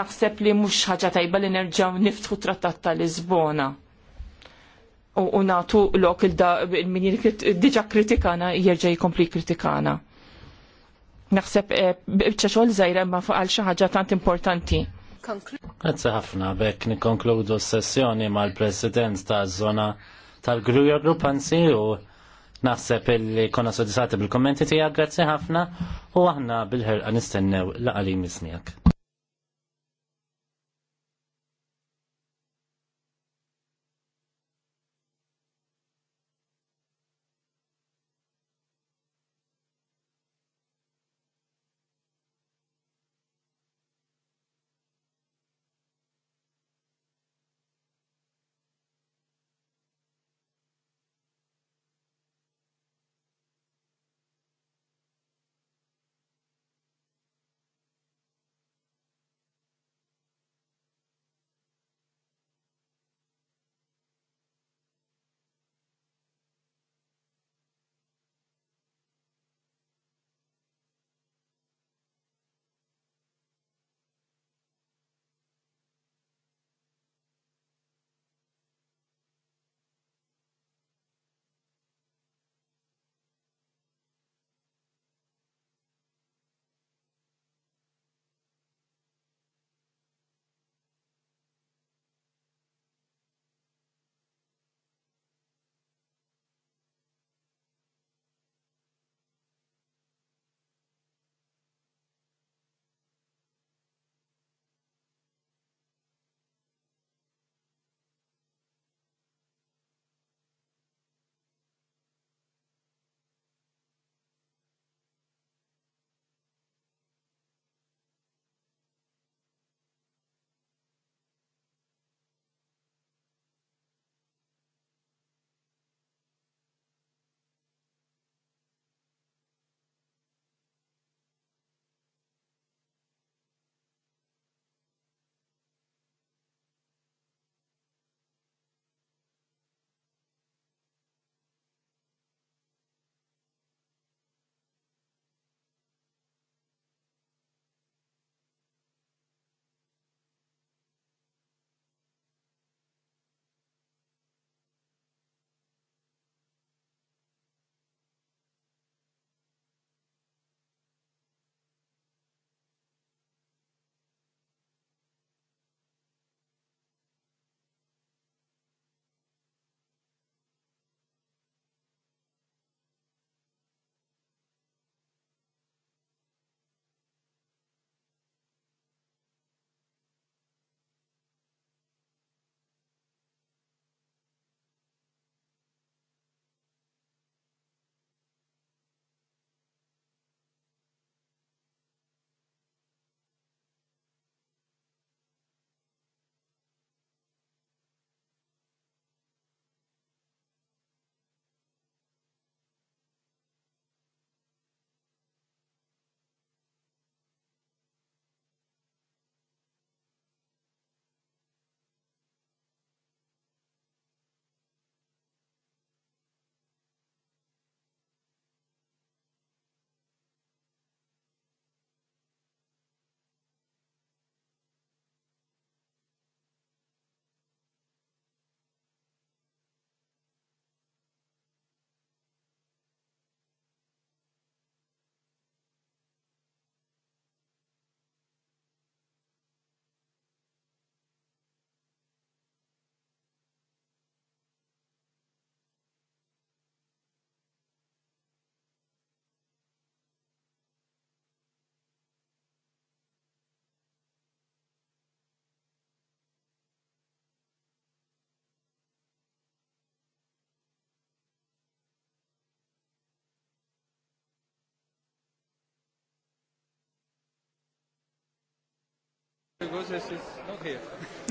Naħseb li mhux ħaġa tajba li nerġgħu niftħu trattat tal-Lisbona u natu lok il-da il-minjir diġa kritikana jirġa jikompli kritikana naħseb eh, bieċa xogħol zaħira ma fuqal għal xi ħaġa tant importanti. Grazzi ħafna bekk nikkonkludu s-sessjoni mal-President taż-żona tal-Gruja Grupanzi u naħseb illi konna sodisati bil-kommenti tiegħek grazzi ħafna u aħna bil ħer nistennew laqalim ismijak.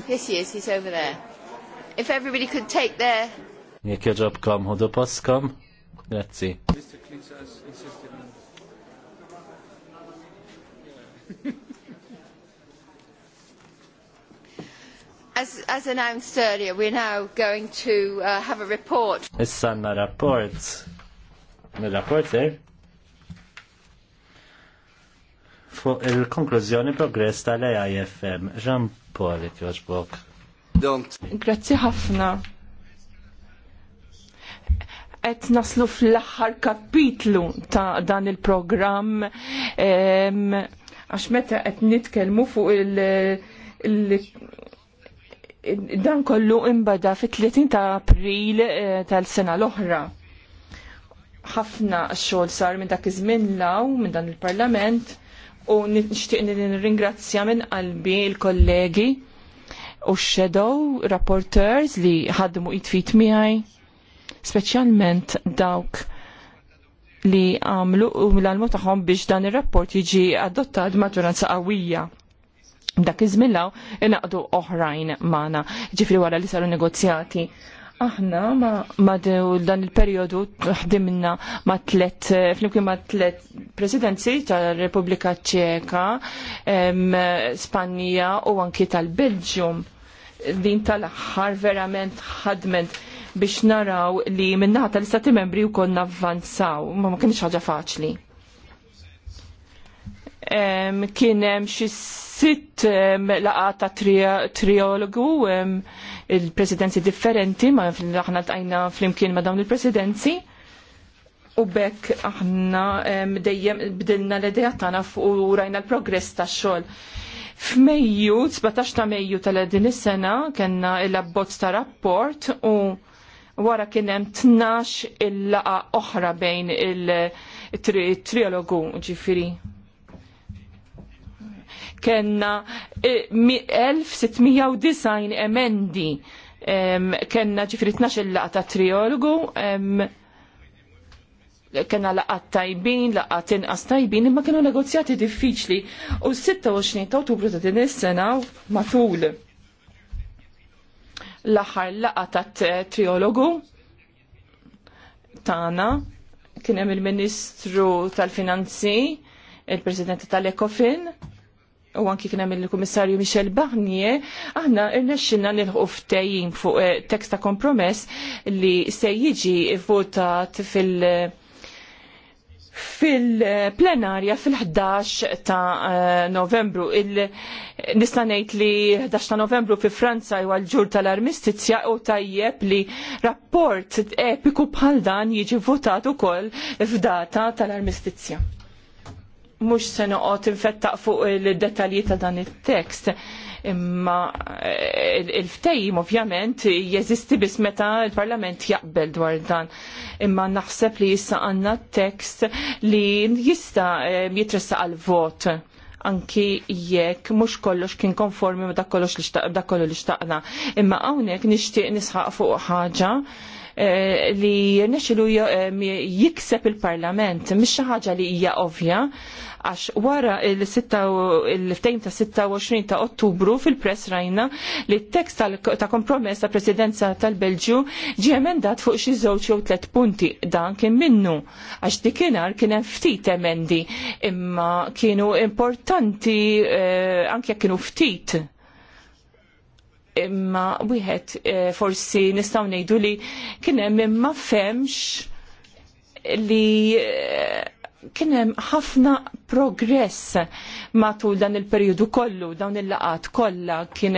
Yes, yes, he's over there. If everybody could take their... Jek joġobkom, hudu poskom. Grazzi. Mr. Klintz has insisted on... As, as announced earlier, we're now going to uh, have a report. It's a report. rapport. report, eh? fuq il-konklużjoni progress tal-AIFM. Jean Paul, kjoġbok. Grazzi ħafna. Et naslu fl axar kapitlu ta' dan il-programm għax meta qed nitkellmu fuq il- dan kollu imbada fit-30 ta' April eh, tal-sena l-oħra ħafna xogħol sar minn dak iż-żmien law minn dan il-Parlament u nixtieq nirringrazzja minn qalbi l-kollegi u shadow rapporteurs li ħadmu jitfit miegħi, speċjalment dawk li għamlu u l-għalmu taħħom biex dan ir-rapport jiġi adottat maturanza qawwija. Dak iż inaqdu oħrajn magħna, ġifri wara li saru negozjati Aħna ma, ma dan il-periodu ħdimna ma tlet, eh, flimkien ma tlet presidenzi tal-Repubblika Ċeka, Spanja u anki tal-Belġium. Din tal-aħħar verament ħadment biex naraw li minnaħat tal-istati membri u konna avvanzaw, ma ma kienx ħaġa faċli kien hemm xi sitt laqgħa ta' triologu il-presidenzi differenti ma aħna tajna flimkien ma dawn il-presidenzi. U bekk aħna dejjem bdilna l-idea tagħna fuq u rajna l-progress tax-xogħol. F'Mejju, 17 ta' Mejju tal-din is-sena kellna l-abbozz ta' rapport u wara kien hemm tnax il-laqa oħra bejn il-triologu ġifieri kena 1690 eh, emendi kena ġifri 12 laqta ta' triologu kena laqat tajbin, laqat inqas tajbin, imma kienu negozjati diffiċli. U 26 ta' ottubru ta' din is-sena matul l-aħħar laqa ta' triologu tagħna kien hemm il-Ministru tal-Finanzi, il-President tal-Ekofin, u anki kien hemm il-Kummissarju Michel Barnier, aħna rnexxinna nilħu ftehim fuq eh, tekst ta' kompromess li se jiġi votat fil- fil-plenarja fil-11 ta' eh, novembru. Nista' ngħid li 11 ta' novembru fi Franza huwa l-ġur tal-armistizja u tajjeb li rapport epiku bħal dan jiġi votat ukoll f'data tal-armistizja mux se noqgħod infettaq fuq il-detalji ta' dan it-tekst. Imma eh, il-ftejim ovvjament jeżisti biss meta il-Parlament jaqbel dwar dan. Imma naħseb li issa għandna tekst li jista eh, jitressa għal-vot anki jekk mhux kollox kien konformi ma dak kollox li xtaqna. Imma hawnhekk nixtieq nisħaq fuq ħaġa Eh, li nexilu eh, jikseb il-parlament, mish ħaġa li hija ovvja, għax wara il-ftejn ta' 26 ta' ottubru fil-press rajna li t-tekst ta' kompromess ta' presidenza tal belġu ġi emendat fuq xi żewġ jew tliet punti dan kien minnu għax dikinhar kien hemm ftit emendi imma kienu importanti eh, anke kienu ftit imma wieħed e, forsi nistgħu ngħidu li kien hemm imma femx li e, kien hemm ħafna progress matul dan il-perjodu kollu, dawn il-laqat kollha kien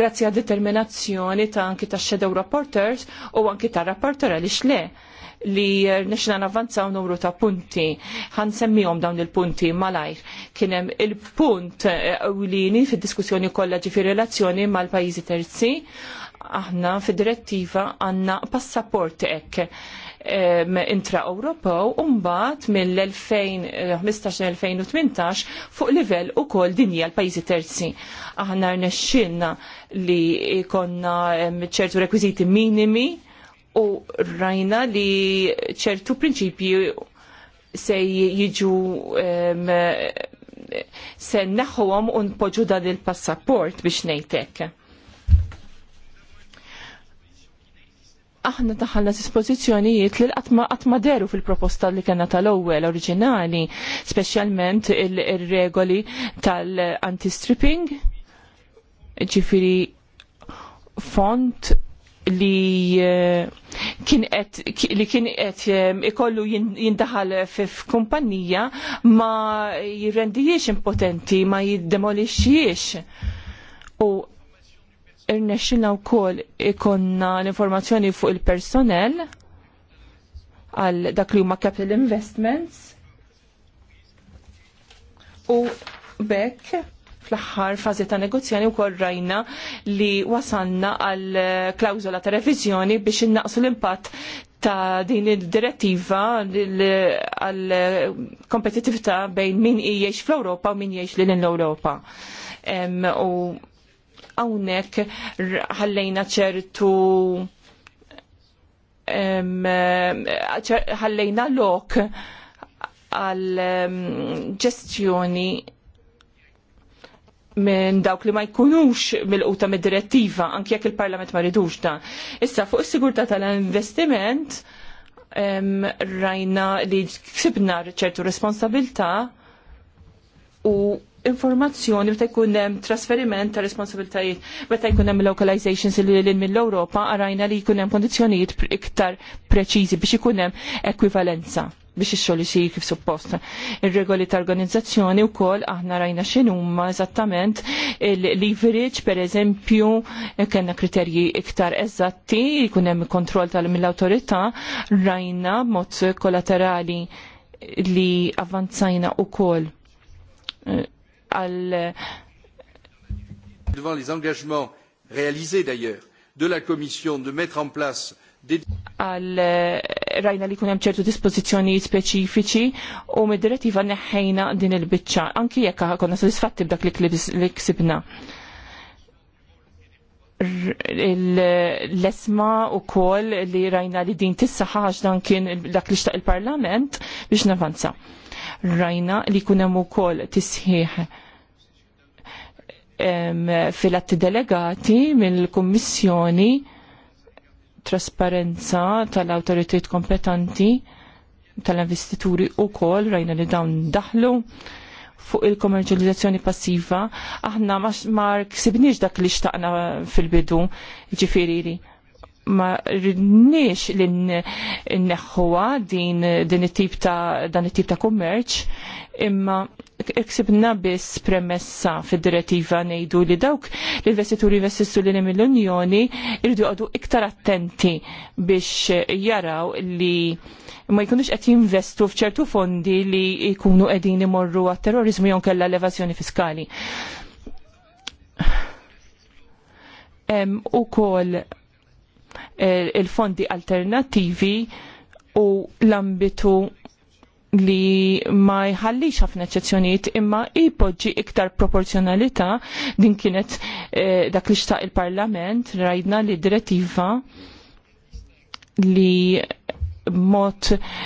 grazzi għad determinazzjoni ta' anki ta' shadow rapporters u anki ta' rapporter għaliex le li eh, nixna navanzaw numru ta' punti. Għan semmijom dawn il-punti malajr. Kienem il-punt ewlini eh, fil-diskussjoni kollha ġifi relazzjoni mal-pajizi terzi. Aħna fil-direttiva għanna passaport ek intra Ewropew umbat mill-2015-2018 fuq livell u kol dinja l-pajzi terzi. Aħna rnexxinna li konna ċertu rekwiziti minimi u rajna li ċertu prinċipji se jiġu um, se naħħuhom u npoġġu dan il-passaport biex ngħidlek. aħna s dispożizzjonijiet li l-qatma qatma deru fil-proposta li kena tal-ewwel oriġinali, speċjalment il-regoli tal-anti-stripping, ġifiri font li eh, kien qed li kien qed ehm, ikollu jindaħal f'kumpanija ma jirrendijiex impotenti, ma jiddemolixxiex. U irnexxilna wkoll ikonna l-informazzjoni fuq il-personnel għal dak li huma capital investments u bekk fl-aħħar fażi ta' negozjani wkoll rajna li wasanna għal eh, klawzola ta' reviżjoni biex innaqsu l-impatt ta' din il-direttiva għal eh, kompetitività bejn min jgħix fl-Ewropa u min jgħix lil l-Ewropa. U hawnhekk ħallejna ċertu ħallejna lok għal ġestjoni minn dawk li ma jkunux mill-quta mid-direttiva, anke jekk il-Parlament ma ridux dan. Issa fuq is-sigurtà tal-investiment rajna li ksibna ċertu responsabilità u informazzjoni meta jkun hemm trasferiment ta' responsabiltajiet, meta jkun hemm localizations li lil mill-Ewropa, arajna li jkun hemm kondizzjonijiet iktar preċiżi biex ikun hemm ekwivalenza biex ix-xogħol isir kif suppost. Ir-regoli ta' organizzazzjoni wkoll aħna rajna x'inhuma eżattament il-leverage pereżempju kellna kriterji iktar eżatti, jkun hemm kontroll tal-mill-awtorità, rajna mod kolaterali li avvanzajna wkoll eh, għal devant les engagements réalisés d'ailleurs de la Commission de mettre en place għal eh, rajna li kunem ċertu dispozizjoni speċifiċi u mid-direttiva neħħejna din il-bicċa. Anki jekk konna soddisfatti b'dak li ksibna. L-esma u kol li rajna li din tissaħax dan kien dak li xtaq il-parlament biex navanza. Rajna li kunem u kol tisħiħ fil-atti delegati mill-kommissjoni trasparenza tal-autoritet kompetenti tal-investituri u kol rajna li dawn daħlu fuq il-komerċializzazzjoni passiva aħna ma ksibniex dak li xtaqna fil-bidu ġifiri ma rridniex li neħħuwa din din it-tip ta' dan it-tip ta' kummerċ imma iksibna biss premessa fid-direttiva ngħidu li dawk l-investituri investistu li mill-Unjoni irridu għadu iktar attenti biex jaraw li ma jkunux qed jinvestu f'ċertu fondi li jkunu qegħdin imorru għat-terrorizmu jew kellha l-evażjoni fiskali. Um, u kol Eh, il-fondi alternativi u l-ambitu li ma jħallix ħafna eccezzjonijiet imma ipoġġi iktar proporzjonalità din kienet eh, dak li xtaq il-Parlament rajdna li direttiva li mod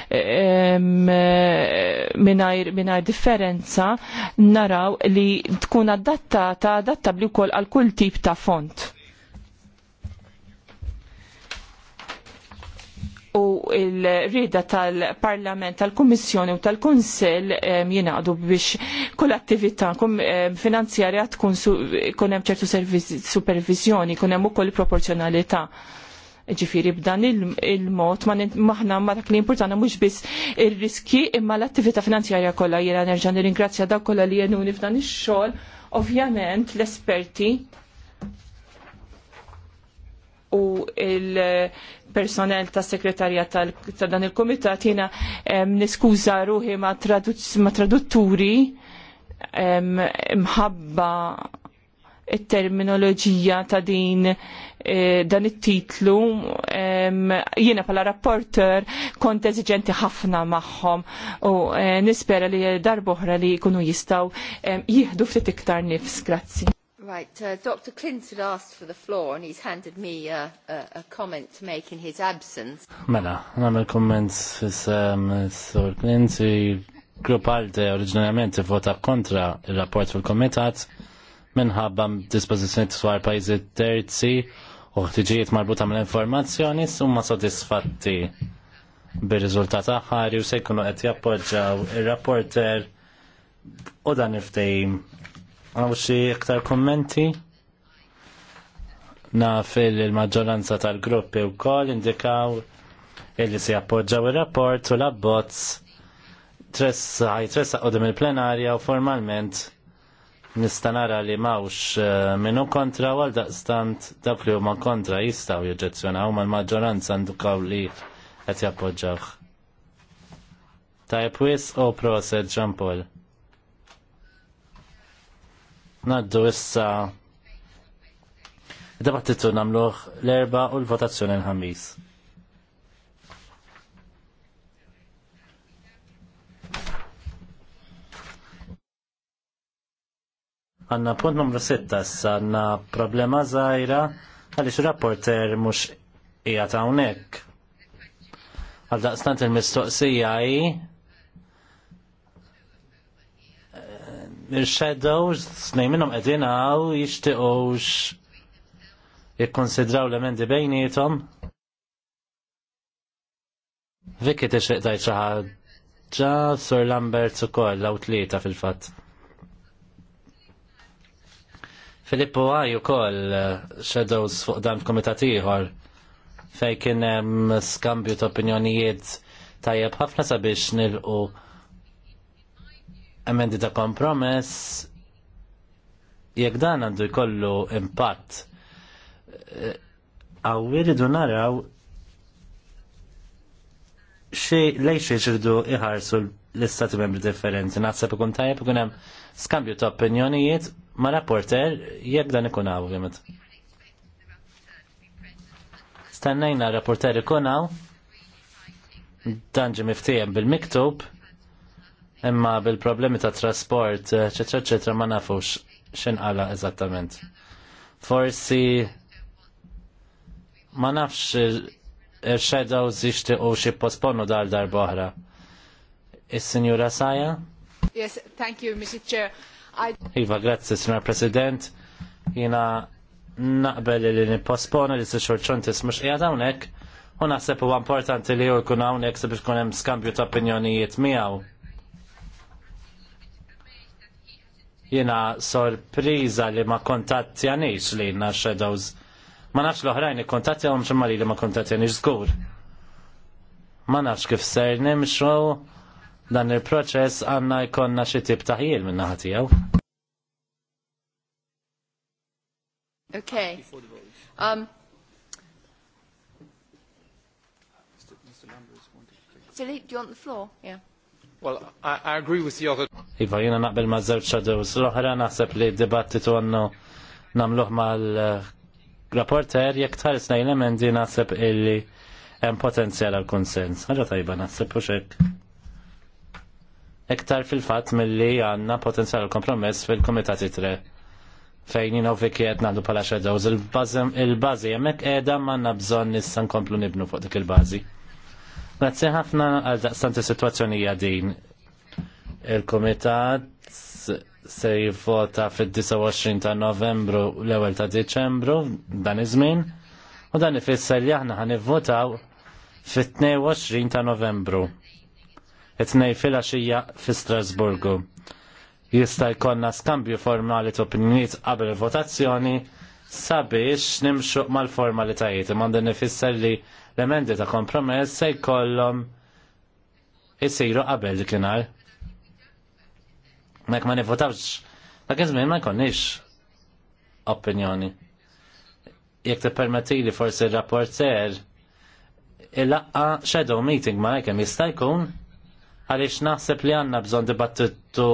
eh, minajr differenza naraw li tkun adattata adattabli wkoll għal kull tip ta' font il-rida tal-Parlament, tal-Kummissjoni u tal kunsell jingħaqdu biex kull attività finanzjarja tkun kun hemm ċertu supervizjoni, kun hemm ukoll proporzjonalità. Ġifiri b'dan il-mod maħna ma dak li importana mhux biss ir-riski imma l-attività finanzjarja kollha jiena nerġa' nirringrazzja dak kollha li jenuni f'dan ix-xogħol, ovvjament l-esperti u il personel ta' sekretarja ta' dan il-komitat jina niskuza ruħi ma' tradutturi mħabba il-terminoloġija ta' din e, dan it-titlu jiena pala rapporter kont eżiġenti ħafna magħhom u e, nispera li darboħra li jkunu jistaw jieħdu ftit iktar nifs. Grazzi. Right, uh, Dr. Clint had asked for the floor and he's handed me a, a, a comment to make in his absence. Mela, namel comments fissem Sir Clint, il-grupp għalde oriġinarjament vota kontra il-rapport fil-komitat minħabba dispożizzjoni dwar pajjiżi terzi u ħtiġijiet marbuta mill-informazzjoni summa sodisfatti bir-riżultat aħħari u se jkunu qed jappoġġjaw ir-rapporter u dan il-ftehim Għaw xi iktar kommenti? Naf il-maġġoranza tal-gruppi u kol indikaw illi si appoġġaw il-rapport u l-abbozz tressa ħajtressa qodem il-plenarja u formalment nista nara li mawx eh, minnu kontra għal daqstant dak li huma kontra jistaw jġezzjonaw ma l-maġġoranza ndukaw li qed jappoġġaw. Tajb wis u proset Ġampol. Naddu issa id-dibattitu namluħ l-erba u l-votazzjoni l-ħamis. Għanna punt numru 6 issa għanna problema zaħira għalix rapporter mux ija ta' unek. Għal daqstant il-mistoqsija il-shadows, snej minnom għedin għaw, jishtiqux jikkonsidraw l-emendi bejnietom. Vikki t-ixriq dajt ċaħġa, Sir Lambert u koll, law tlieta fil-fat. Filippo għaj u koll, shadows fuq dan f'komitat iħor, fej kien skambju ta' opinjonijiet tajjeb ħafna sabiex nilqu emendi ta' kompromess jekk dan għandu jkollu impatt eh, għaw irridu naraw xie lejx iħarsu l-istati membri differenti. Naħseb ikun tajjeb ikun hemm skambju ta' opinjonijiet ma' rapporter jekk dan ikun hawn għimet. Stannajna rapporter ikun hawn dan ġi miftijem bil-miktub Imma bil-problemi ta' trasport, ċetra ċetra ma nafux xinqala eżattament. Forsi ma nafx il-shadow zixti u xie posponu dal darboħra. Is-Sinjura Saja? Yes, thank you, Mr. Chair. I... Iva, grazzi, Sinjur President. Jina naqbel li nipposponu li s-xorċontis mux jgħadawnek. Unaħseb u importanti li u kun għawnek sabiex kun hemm skambju ta' opinjonijiet miegħu Jena sorpriza li ma kontattjanix li jina Shadows. Ma nafx l-oħrajn ikkontattja għom xemmari li ma kontattjanix zgur. Ma nafx kif ser nimxu dan il-proċess għanna jkonna xie tip taħjil minn naħatijaw. Ok. Um, Philippe, do you want the floor? Yeah. Well, I, I agree with the other. Iva, jina naqbel ma' zewċ shadows. L-oħra naħseb li dibattitu għannu namluħ mal-rapporter jek tħares na elementi naħseb illi hemm potenzjal għal konsens. Ħaġa tajba naħseb u xek. Iktar fil-fatt milli għanna potenzjal għal kompromess fil-komitati tre fejn jina u fikiet naħdu pala shadows. Il-bazi jemmek edha ma' nabżon nissan komplu nibnu fuq dik il-bazi. Grazie ħafna għal daqstanti situazzjoni din. Il-Komitat se jivvota fid-29 ta' Novembru l-ewwel ta' Diċembru dan iż-żmien u dan ifisser li aħna ħan nivvotaw fit-22 ta' Novembru. It-tnej fil axija fi Strasburgu. Jista' jkollna skambju formali ta' opinjoniet qabel il-votazzjoni sabiex nimxu mal-formalitajiet imma dan ifisser li l-emendi ta' kompromess se jkollhom isiru qabel dik l-nar. Mek ma nivvotawx, dak iż-żmien ma jkollniex opinjoni. Jekk tippermettili forsi r-rapporter il-laqqa shadow meeting ma jkem jista' jkun għaliex naħseb li għandna bżonn dibattitu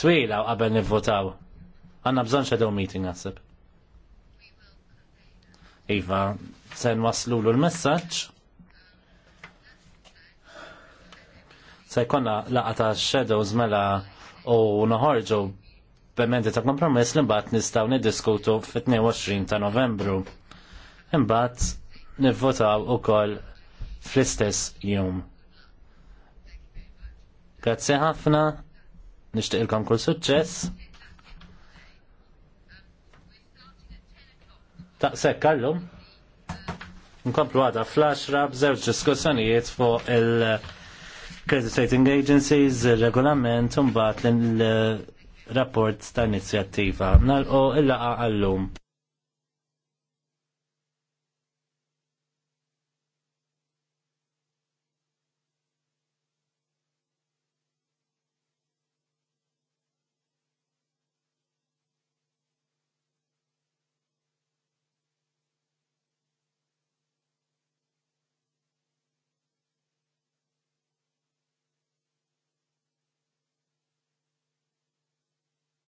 twila u qabel nivvotaw. Għandna bżonn shadow meeting naħseb. Iva, sen waslu l messaċ Se konna laqa ta' shadows mela u noħorġu b'emendi ta' kompromess li mbagħad nistgħu niddiskutu fit-22 ta' Novembru. Imbagħad nivvotaw ukoll fl-istess jum. Grazzi ħafna, nixtieqilkom kull suċċess. Taqsek kallum. Nkomplu għada fl-10 zewġ diskussjonijiet fuq il-Credit Rating Agencies, il-regolament, un-bat l-rapport ta' inizjattiva. nal il illa għallum.